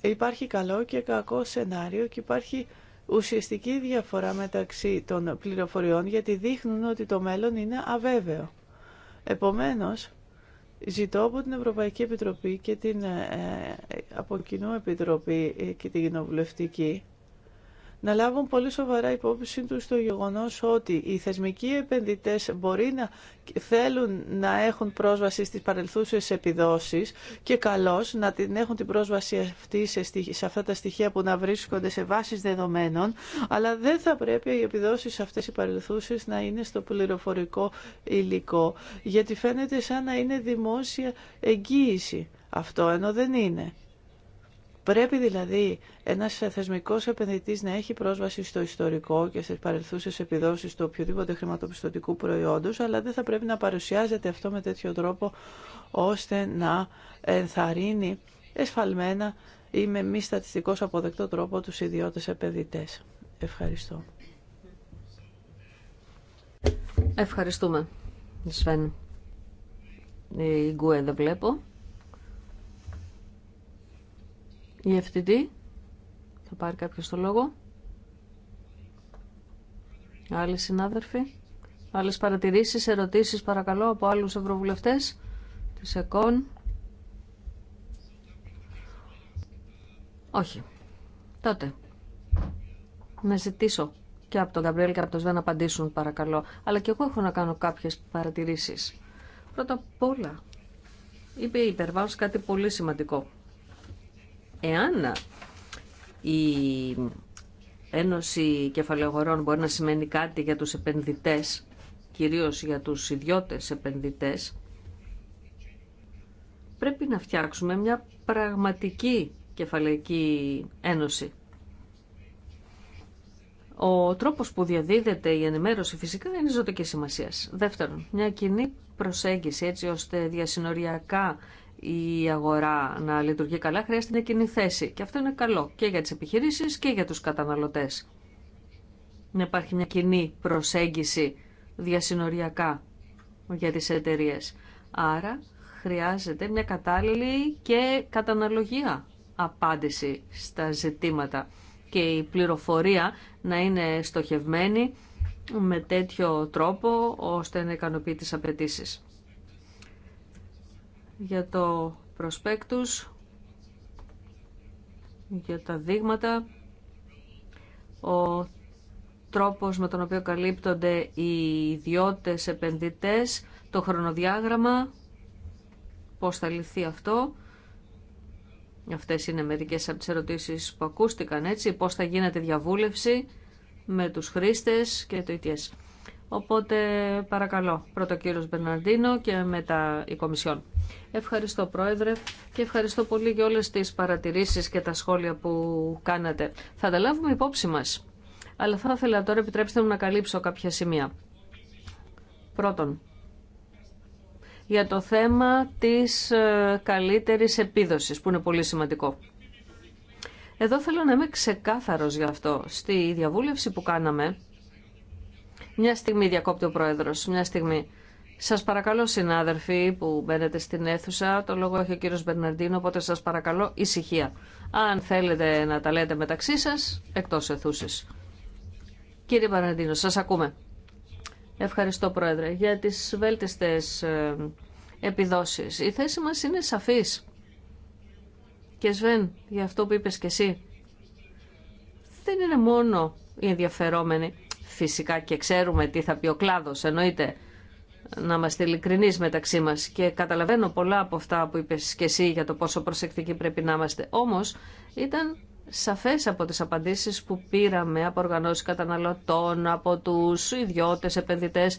Υπάρχει καλό και κακό σενάριο και υπάρχει ουσιαστική διαφορά μεταξύ των πληροφοριών γιατί δείχνουν ότι το μέλλον είναι αβέβαιο. Επομένως, Ζητώ από την Ευρωπαϊκή Επιτροπή και την ε, ε, από κοινού Επιτροπή ε, και την Κοινοβουλευτική να λάβουν πολύ σοβαρά υπόψη τους το γεγονός ότι οι θεσμικοί επενδυτές μπορεί να θέλουν να έχουν πρόσβαση στις παρελθούσες επιδόσεις και καλώς να την έχουν την πρόσβαση αυτή σε, αυτά τα στοιχεία που να βρίσκονται σε βάσεις δεδομένων, αλλά δεν θα πρέπει οι επιδόσεις αυτές οι παρελθούσες να είναι στο πληροφορικό υλικό, γιατί φαίνεται σαν να είναι δημόσια εγγύηση αυτό, ενώ δεν είναι. Πρέπει δηλαδή ένας θεσμικός επενδυτής να έχει πρόσβαση στο ιστορικό και στις παρελθούσες επιδόσεις του οποιοδήποτε χρηματοπιστωτικού προϊόντος, αλλά δεν θα πρέπει να παρουσιάζεται αυτό με τέτοιο τρόπο ώστε να ενθαρρύνει εσφαλμένα ή με μη στατιστικός αποδεκτό τρόπο τους ιδιώτες επενδυτές. Ευχαριστώ. Ευχαριστούμε, Σφέν. Η Γκουέ δεν βλέπω. Η ευθυντή Θα πάρει κάποιος το λόγο. Άλλοι συνάδελφοι. Άλλες παρατηρήσεις, ερωτήσεις παρακαλώ από άλλους ευρωβουλευτές της ΕΚΟΝ. Όχι. Τότε. Να ζητήσω και από τον Καμπριέλ και από τον Σβέ να απαντήσουν παρακαλώ. Αλλά και εγώ έχω να κάνω κάποιες παρατηρήσεις. Πρώτα απ' όλα, είπε η υπερβάωση κάτι πολύ σημαντικό. Εάν η Ένωση Κεφαλαιογορών μπορεί να σημαίνει κάτι για τους επενδυτές, κυρίως για τους ιδιώτες επενδυτές, πρέπει να φτιάξουμε μια πραγματική κεφαλαϊκή ένωση. Ο τρόπος που διαδίδεται η ενημέρωση φυσικά είναι ζωτική σημασία. Δεύτερον, μια κοινή προσέγγιση έτσι ώστε διασυνοριακά η αγορά να λειτουργεί καλά, χρειάζεται μια κοινή θέση. Και αυτό είναι καλό και για τις επιχειρήσεις και για τους καταναλωτές. Να υπάρχει μια κοινή προσέγγιση διασυνοριακά για τις εταιρείε. Άρα χρειάζεται μια κατάλληλη και καταναλογία απάντηση στα ζητήματα και η πληροφορία να είναι στοχευμένη με τέτοιο τρόπο ώστε να ικανοποιεί τις απαιτήσει για το προσπέκτους, για τα δείγματα, ο τρόπος με τον οποίο καλύπτονται οι ιδιώτες επενδυτές, το χρονοδιάγραμμα, πώς θα λυθεί αυτό. Αυτές είναι μερικές από τις ερωτήσεις που ακούστηκαν έτσι, πώς θα γίνεται διαβούλευση με τους χρήστες και το ETS. Οπότε παρακαλώ πρώτο κύριος Μπερναντίνο και μετά η Κομισιόν. Ευχαριστώ Πρόεδρε και ευχαριστώ πολύ για όλες τις παρατηρήσεις και τα σχόλια που κάνατε. Θα τα λάβουμε υπόψη μας. Αλλά θα ήθελα τώρα επιτρέψτε μου να καλύψω κάποια σημεία. Πρώτον, για το θέμα της ε, καλύτερης επίδοσης που είναι πολύ σημαντικό. Εδώ θέλω να είμαι ξεκάθαρος γι' αυτό. Στη διαβούλευση που κάναμε μια στιγμή διακόπτει ο Πρόεδρος, μια στιγμή. Σας παρακαλώ συνάδελφοι που μπαίνετε στην αίθουσα, το λόγο έχει ο κύριο Μπερναντίνο, οπότε σας παρακαλώ ησυχία. Αν θέλετε να τα λέτε μεταξύ σα, εκτός αιθούση. Κύριε Μπερναντίνο, σας ακούμε. Ευχαριστώ Πρόεδρε για τις βέλτιστες ε, επιδόσεις. Η θέση μας είναι σαφής. Και Σβέν, για αυτό που είπε και εσύ, δεν είναι μόνο οι ενδιαφερόμενοι φυσικά και ξέρουμε τι θα πει ο κλάδος, εννοείται να είμαστε ειλικρινεί μεταξύ μα. και καταλαβαίνω πολλά από αυτά που είπε και εσύ για το πόσο προσεκτικοί πρέπει να είμαστε. Όμως ήταν σαφές από τι απαντήσει που πήραμε από οργανώσεις καταναλωτών, από τους ιδιώτε επενδυτέ,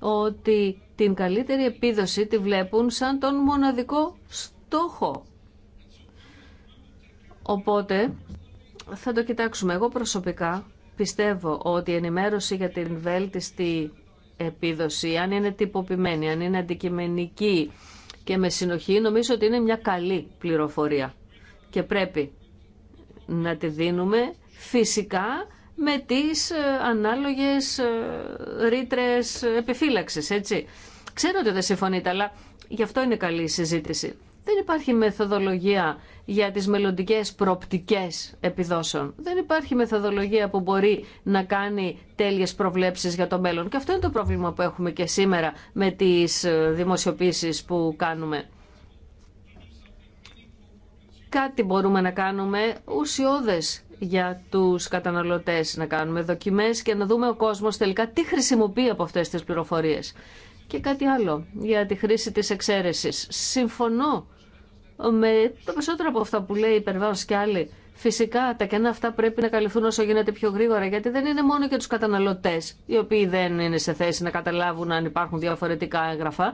ότι την καλύτερη επίδοση τη βλέπουν σαν τον μοναδικό στόχο. Οπότε θα το κοιτάξουμε. Εγώ προσωπικά Πιστεύω ότι η ενημέρωση για την βέλτιστη επίδοση, αν είναι τυποποιημένη, αν είναι αντικειμενική και με συνοχή, νομίζω ότι είναι μια καλή πληροφορία. Και πρέπει να τη δίνουμε φυσικά με τις ε, ανάλογες ε, ρήτρε επιφύλαξης, έτσι. Ξέρω ότι δεν συμφωνείτε, αλλά γι' αυτό είναι καλή η συζήτηση. Δεν υπάρχει μεθοδολογία για τις μελλοντικέ προπτικές επιδόσεων. Δεν υπάρχει μεθοδολογία που μπορεί να κάνει τέλειες προβλέψεις για το μέλλον. Και αυτό είναι το πρόβλημα που έχουμε και σήμερα με τις ε, δημοσιοποίησεις που κάνουμε. Κάτι μπορούμε να κάνουμε ουσιώδες για τους καταναλωτές να κάνουμε δοκιμές και να δούμε ο κόσμος τελικά τι χρησιμοποιεί από αυτές τις πληροφορίες. Και κάτι άλλο για τη χρήση της εξαίρεσης. Συμφωνώ με το περισσότερα από αυτά που λέει η και άλλοι. Φυσικά τα κενά αυτά πρέπει να καλυφθούν όσο γίνεται πιο γρήγορα, γιατί δεν είναι μόνο για του καταναλωτέ, οι οποίοι δεν είναι σε θέση να καταλάβουν αν υπάρχουν διαφορετικά έγγραφα,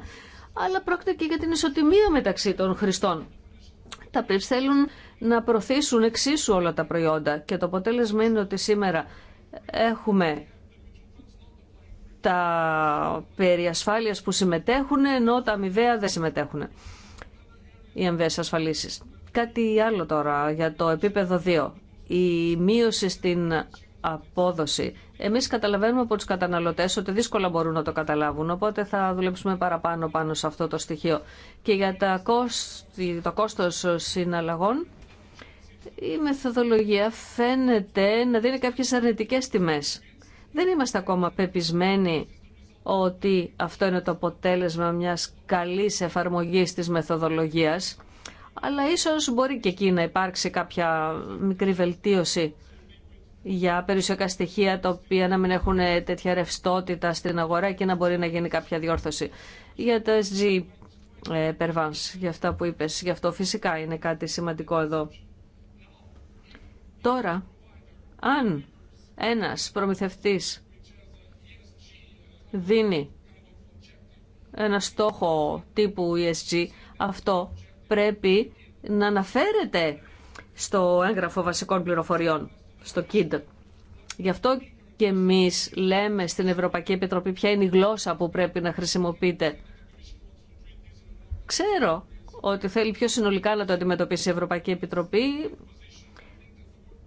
αλλά πρόκειται και για την ισοτιμία μεταξύ των χρηστών. Τα PIPs θέλουν να προωθήσουν εξίσου όλα τα προϊόντα και το αποτέλεσμα είναι ότι σήμερα έχουμε τα περί ασφάλειας που συμμετέχουν ενώ τα αμοιβαία δεν συμμετέχουν οι αμοιβές ασφαλίσεις. Κάτι άλλο τώρα για το επίπεδο 2. Η μείωση στην απόδοση. Εμείς καταλαβαίνουμε από τους καταναλωτές ότι δύσκολα μπορούν να το καταλάβουν, οπότε θα δουλέψουμε παραπάνω πάνω σε αυτό το στοιχείο. Και για τα κόστη, το κόστος συναλλαγών, η μεθοδολογία φαίνεται να δίνει κάποιες αρνητικές τιμές. Δεν είμαστε ακόμα πεπισμένοι ότι αυτό είναι το αποτέλεσμα μιας καλής εφαρμογής της μεθοδολογίας, αλλά ίσως μπορεί και εκεί να υπάρξει κάποια μικρή βελτίωση για περιουσιακά στοιχεία τα οποία να μην έχουν τέτοια ρευστότητα στην αγορά και να μπορεί να γίνει κάποια διόρθωση. Για το SG ε, Pervance, για αυτά που είπες, γι' αυτό φυσικά είναι κάτι σημαντικό εδώ. Τώρα, αν ένας προμηθευτής δίνει ένα στόχο τύπου ESG, αυτό πρέπει να αναφέρεται στο έγγραφο βασικών πληροφοριών, στο KID. Γι' αυτό και εμείς λέμε στην Ευρωπαϊκή Επιτροπή ποια είναι η γλώσσα που πρέπει να χρησιμοποιείτε. Ξέρω ότι θέλει πιο συνολικά να το αντιμετωπίσει η Ευρωπαϊκή Επιτροπή.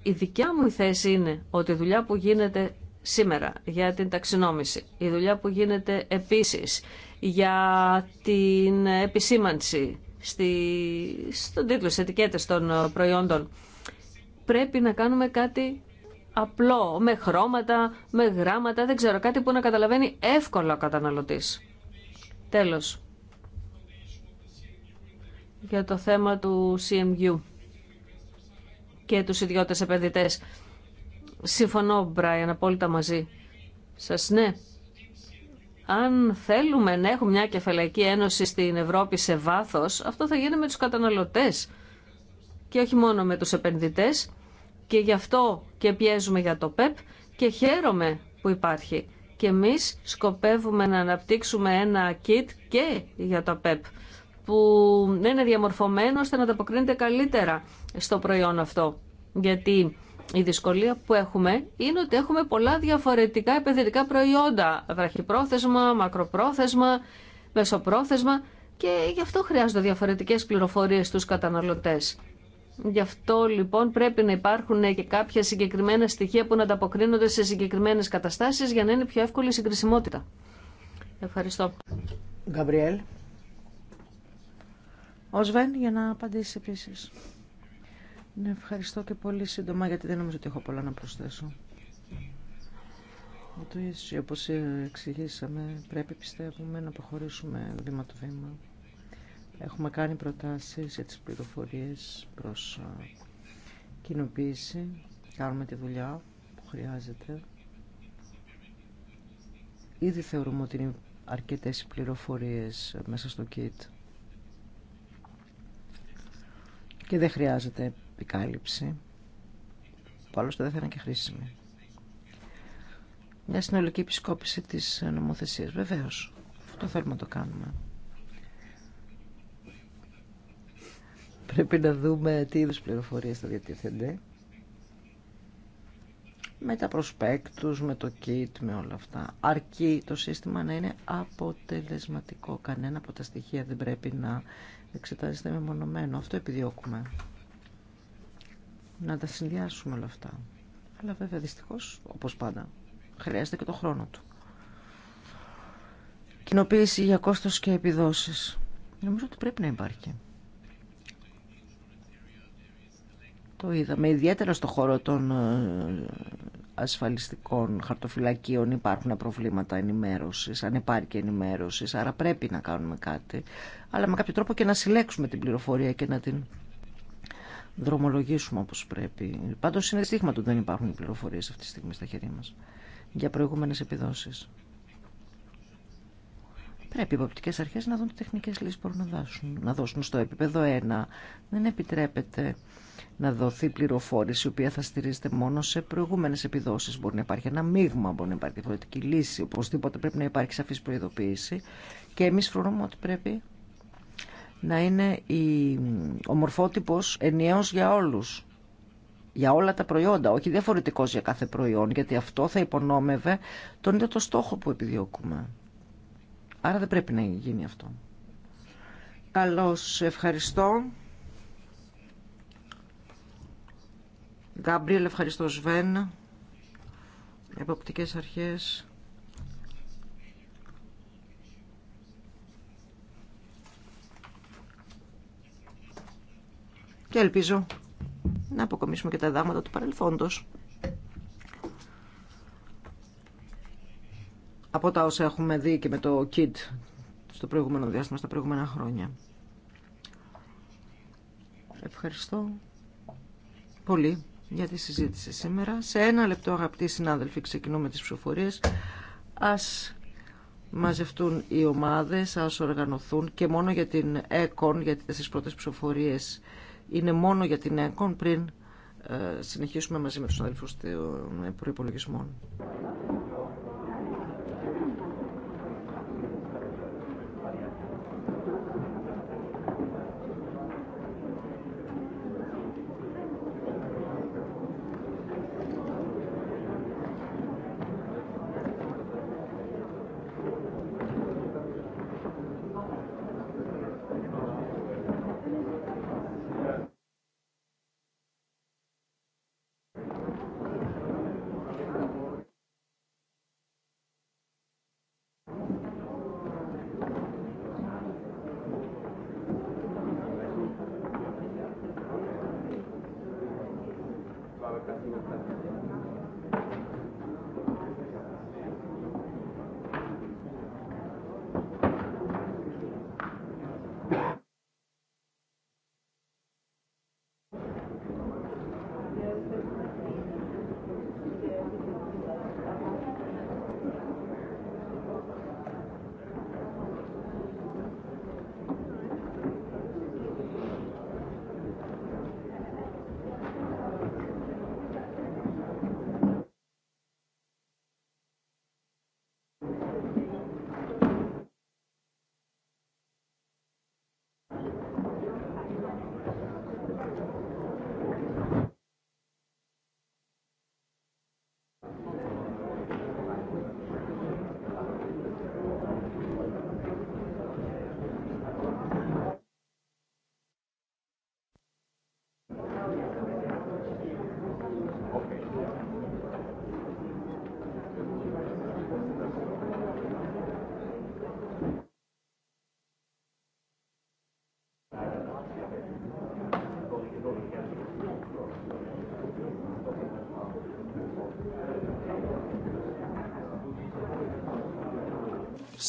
Η δικιά μου θέση είναι ότι η δουλειά που γίνεται σήμερα για την ταξινόμηση, η δουλειά που γίνεται επίσης για την επισήμανση στη, στον τίτλο, στις ετικέτες των ε, προϊόντων, πρέπει να κάνουμε κάτι απλό, με χρώματα, με γράμματα, δεν ξέρω, κάτι που να καταλαβαίνει εύκολα ο καταναλωτής. Τέλος, για το θέμα του CMU και τους ιδιώτες επενδυτές. Συμφωνώ, Μπράιν, απόλυτα μαζί Σα, ναι. Αν θέλουμε να έχουμε μια κεφαλαϊκή ένωση στην Ευρώπη σε βάθο, αυτό θα γίνει με του καταναλωτέ. και όχι μόνο με τους επενδυτέ. και γι' αυτό και πιέζουμε για το ΠΕΠ και χαίρομαι που υπάρχει. Και εμεί σκοπεύουμε να αναπτύξουμε ένα kit και για το ΠΕΠ που είναι διαμορφωμένο ώστε να ανταποκρίνεται καλύτερα στο προϊόν αυτό. Γιατί η δυσκολία που έχουμε είναι ότι έχουμε πολλά διαφορετικά επενδυτικά προϊόντα, βραχυπρόθεσμα, μακροπρόθεσμα, μεσοπρόθεσμα και γι' αυτό χρειάζονται διαφορετικές πληροφορίες στους καταναλωτές. Γι' αυτό λοιπόν πρέπει να υπάρχουν και κάποια συγκεκριμένα στοιχεία που να ανταποκρίνονται σε συγκεκριμένες καταστάσεις για να είναι πιο εύκολη η συγκρισιμότητα. Ευχαριστώ. Γκαμπριέλ. για να απαντήσει επίσης. Ναι, ευχαριστώ και πολύ σύντομα γιατί δεν νομίζω ότι έχω πολλά να προσθέσω. Το ίσιο, όπως εξηγήσαμε, πρέπει πιστεύουμε να προχωρήσουμε βήμα το βήμα. Έχουμε κάνει προτάσεις για τις πληροφορίες προς κοινοποίηση. Κάνουμε τη δουλειά που χρειάζεται. Ήδη θεωρούμε ότι είναι αρκετές οι πληροφορίες ε, μέσα στο kit. Και δεν χρειάζεται επικάλυψη που άλλωστε δεν θα ήταν και χρήσιμη. Μια συνολική επισκόπηση της νομοθεσίας. Βεβαίως, αυτό θέλουμε να το κάνουμε. Πρέπει να δούμε τι είδους πληροφορίες θα διατίθενται. Με τα προσπέκτους, με το kit, με όλα αυτά. Αρκεί το σύστημα να είναι αποτελεσματικό. Κανένα από τα στοιχεία δεν πρέπει να εξετάζεται μεμονωμένο. Αυτό επιδιώκουμε να τα συνδυάσουμε όλα αυτά. Αλλά βέβαια δυστυχώ όπως πάντα, χρειάζεται και το χρόνο του. Κοινοποίηση για κόστο και επιδόσεις. Νομίζω ότι πρέπει να υπάρχει. Το είδαμε ιδιαίτερα στο χώρο των ε, ασφαλιστικών χαρτοφυλακίων υπάρχουν προβλήματα ενημέρωσης, υπάρχει ενημέρωση. άρα πρέπει να κάνουμε κάτι, αλλά με κάποιο τρόπο και να συλλέξουμε την πληροφορία και να την δρομολογήσουμε όπως πρέπει. Πάντως είναι στίγμα του ότι δεν υπάρχουν οι πληροφορίες αυτή τη στιγμή στα χέρια μας για προηγούμενες επιδόσεις. Πρέπει οι υποπτικέ αρχέ να δουν τι τεχνικέ λύσει μπορούν να δώσουν. Να δώσουν στο επίπεδο 1. Δεν επιτρέπεται να δοθεί πληροφόρηση η οποία θα στηρίζεται μόνο σε προηγούμενε επιδόσει. Μπορεί να υπάρχει ένα μείγμα, μπορεί να υπάρχει διαφορετική λύση. Οπωσδήποτε πρέπει να υπάρχει σαφή προειδοποίηση. Και εμεί φρονούμε ότι πρέπει να είναι η, ο μορφότυπος ενιαίος για όλους. Για όλα τα προϊόντα, όχι διαφορετικός για κάθε προϊόν, γιατί αυτό θα υπονόμευε τον ίδιο το στόχο που επιδιώκουμε. Άρα δεν πρέπει να γίνει αυτό. Καλώς, ευχαριστώ. Γκάμπριελ, ευχαριστώ Σβέν. Εποπτικές αρχές. και ελπίζω να αποκομίσουμε και τα δάγματα του παρελθόντος. Από τα όσα έχουμε δει και με το kit στο προηγούμενο διάστημα, στα προηγούμενα χρόνια. Ευχαριστώ πολύ για τη συζήτηση σήμερα. Σε ένα λεπτό αγαπητοί συνάδελφοι ξεκινούμε τις ψηφοφορίες. Ας μαζευτούν οι ομάδες, ας οργανωθούν και μόνο για την ΕΚΟΝ, για τις πρώτες ψηφοφορίες είναι μόνο για την ΕΚΟΝ πριν ε, συνεχίσουμε μαζί με τους αδελφούς των προϋπολογισμών.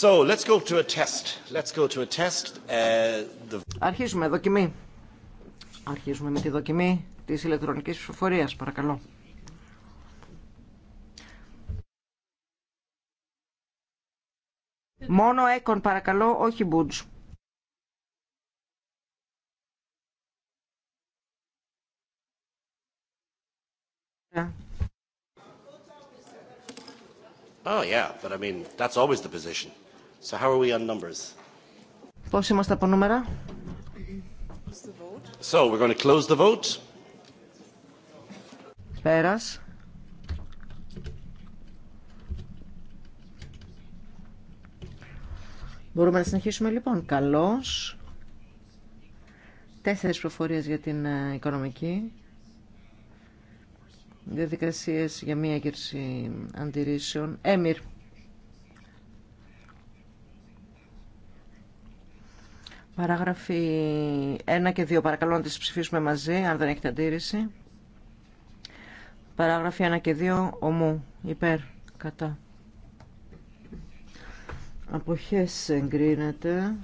So, let's go to a test. Let's go to a test. Uh, the... Αρχίζουμε δοκιμή. Αρχίζουμε με τη δοκιμή της ηλεκτρονικής ψηφοφορίας, παρακαλώ. Μόνο έκον παρακαλώ, όχι μπουτζ. Oh yeah, but I mean, that's always the position. So how are we on numbers? Πώς είμαστε από νούμερα? So we're going to close the vote. Πέρας. Μπορούμε να συνεχίσουμε λοιπόν. Καλώς. Τέσσερις προφορίες για την ε, οικονομική. Διαδικασίες για μία κέρση αντιρρήσεων. Έμιρ. Παράγραφοι 1 και 2. Παρακαλώ να τις ψηφίσουμε μαζί, αν δεν έχετε αντίρρηση. Παράγραφοι 1 και 2. Ομού. Υπέρ. Κατά. Αποχές εγκρίνεται.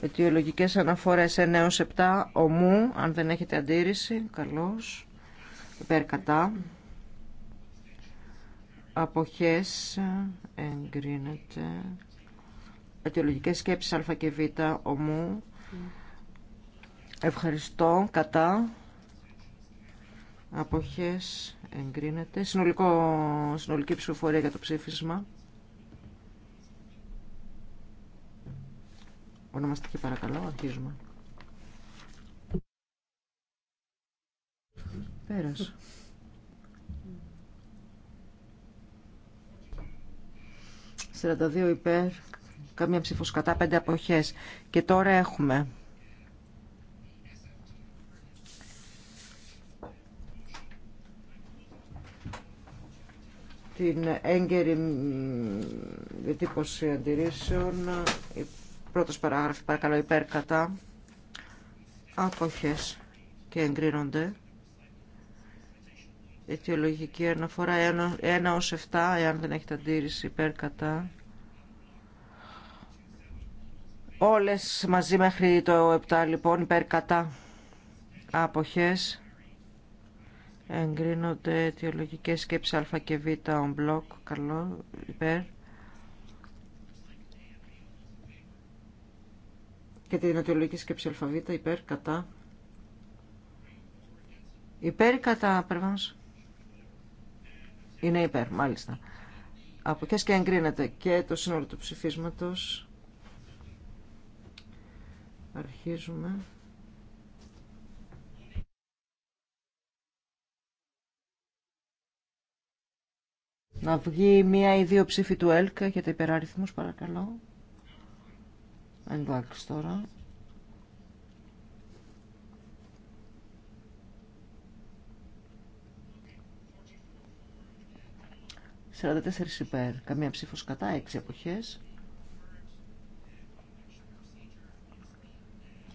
Αιτιολογικές αναφορές 9 7. Ομού. Αν δεν έχετε αντίρρηση. Καλώς. Υπέρ. Κατά. Αποχές εγκρίνεται αιτιολογικές σκέψεις α και β ομού. Ευχαριστώ. Κατά. Αποχές. Εγκρίνεται. Συνολικό, συνολική ψηφοφορία για το ψήφισμα. Ονομαστική παρακαλώ. Αρχίζουμε. Πέρασε. Σαράντα υπέρ καμία ψήφο κατά, πέντε απόχέ. Και τώρα έχουμε την έγκαιρη διατύπωση αντιρρήσεων. Πρώτο πρώτος παρακαλώ, υπέρ κατά. Άποχες και εγκρίνονται. Αιτιολογική αναφορά 1 ω 7, εάν δεν έχετε αντίρρηση υπέρ κατά. Όλες μαζί μέχρι το 7 λοιπόν υπέρ κατά αποχές εγκρίνονται αιτιολογικές σκέψεις α και β on block καλό υπέρ και την αιτιολογική σκέψη β, υπέρ κατά υπέρ κατά είναι υπέρ μάλιστα Αποχές και εγκρίνεται και το σύνολο του ψηφίσματος Αρχίζουμε. Να βγει μία ή δύο ψήφοι του ΕΛΚ για τα υπεραριθμούς παρακαλώ. Εντάξει τώρα. Σαράντα υπέρ, καμία ψήφος κατά, έξι εποχές.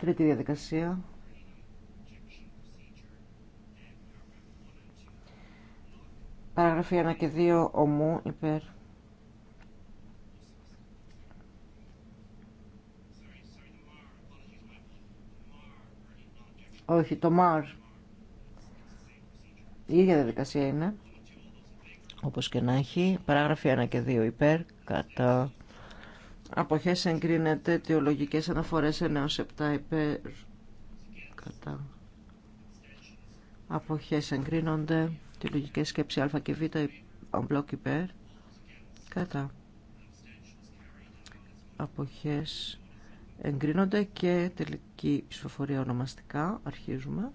Τρίτη διαδικασία. Παραγραφή 1 και 2 ομού υπέρ. Όχι, το ΜΑΡ. Η ίδια διαδικασία είναι. Όπως και να έχει. Παράγραφη 1 και 2 υπέρ. Κατά Αποχές εγκρίνεται. Αιτιολογικές αναφορές 9 7 υπέρ. Κατά. Αποχές εγκρίνονται. Αιτιολογικές σκέψη α και β ομπλοκ υπέρ. Κατά. Αποχές εγκρίνονται και τελική ψηφοφορία ονομαστικά. Αρχίζουμε.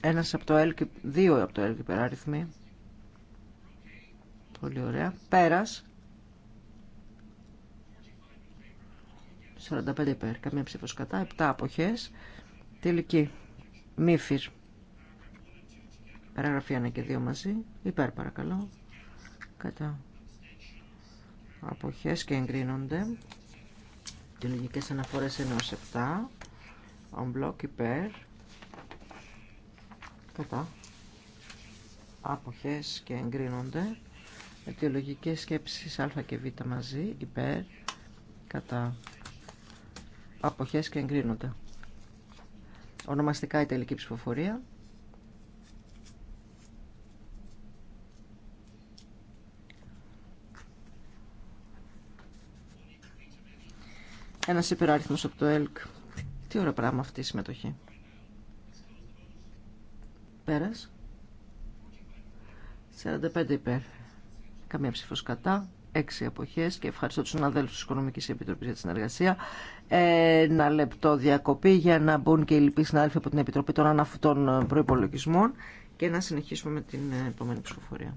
Ένας από το L, δύο από το L υπεράριθμοι. Πολύ ωραία. Πέρας. 45 υπέρ. Καμία ψήφος κατά. 7 αποχές. Τελική. Μύφυρ. Παράγραφη 1 και 2 μαζί. Υπέρ παρακαλώ. Κατά. Αποχές και εγκρίνονται. Τελογικές αναφορές 1 ως 7. Ομπλοκ υπέρ. Κατά. Αποχές και εγκρίνονται αιτιολογικές σκέψεις α και β μαζί, υπέρ, κατά αποχές και εγκρίνονται. Ονομαστικά η τελική ψηφοφορία. Ένας υπεράριθμος από το ΕΛΚ. Τι ώρα πράγμα αυτή η συμμετοχή. Πέρας. 45 υπέρ καμία ψήφο κατά, έξι εποχέ και ευχαριστώ του συναδέλφου τη Οικονομικής Επιτροπή για τη συνεργασία. Ένα λεπτό διακοπή για να μπουν και οι λοιποί συνάδελφοι από την Επιτροπή των Αναφυτών Προϋπολογισμών και να συνεχίσουμε με την επόμενη ψηφοφορία.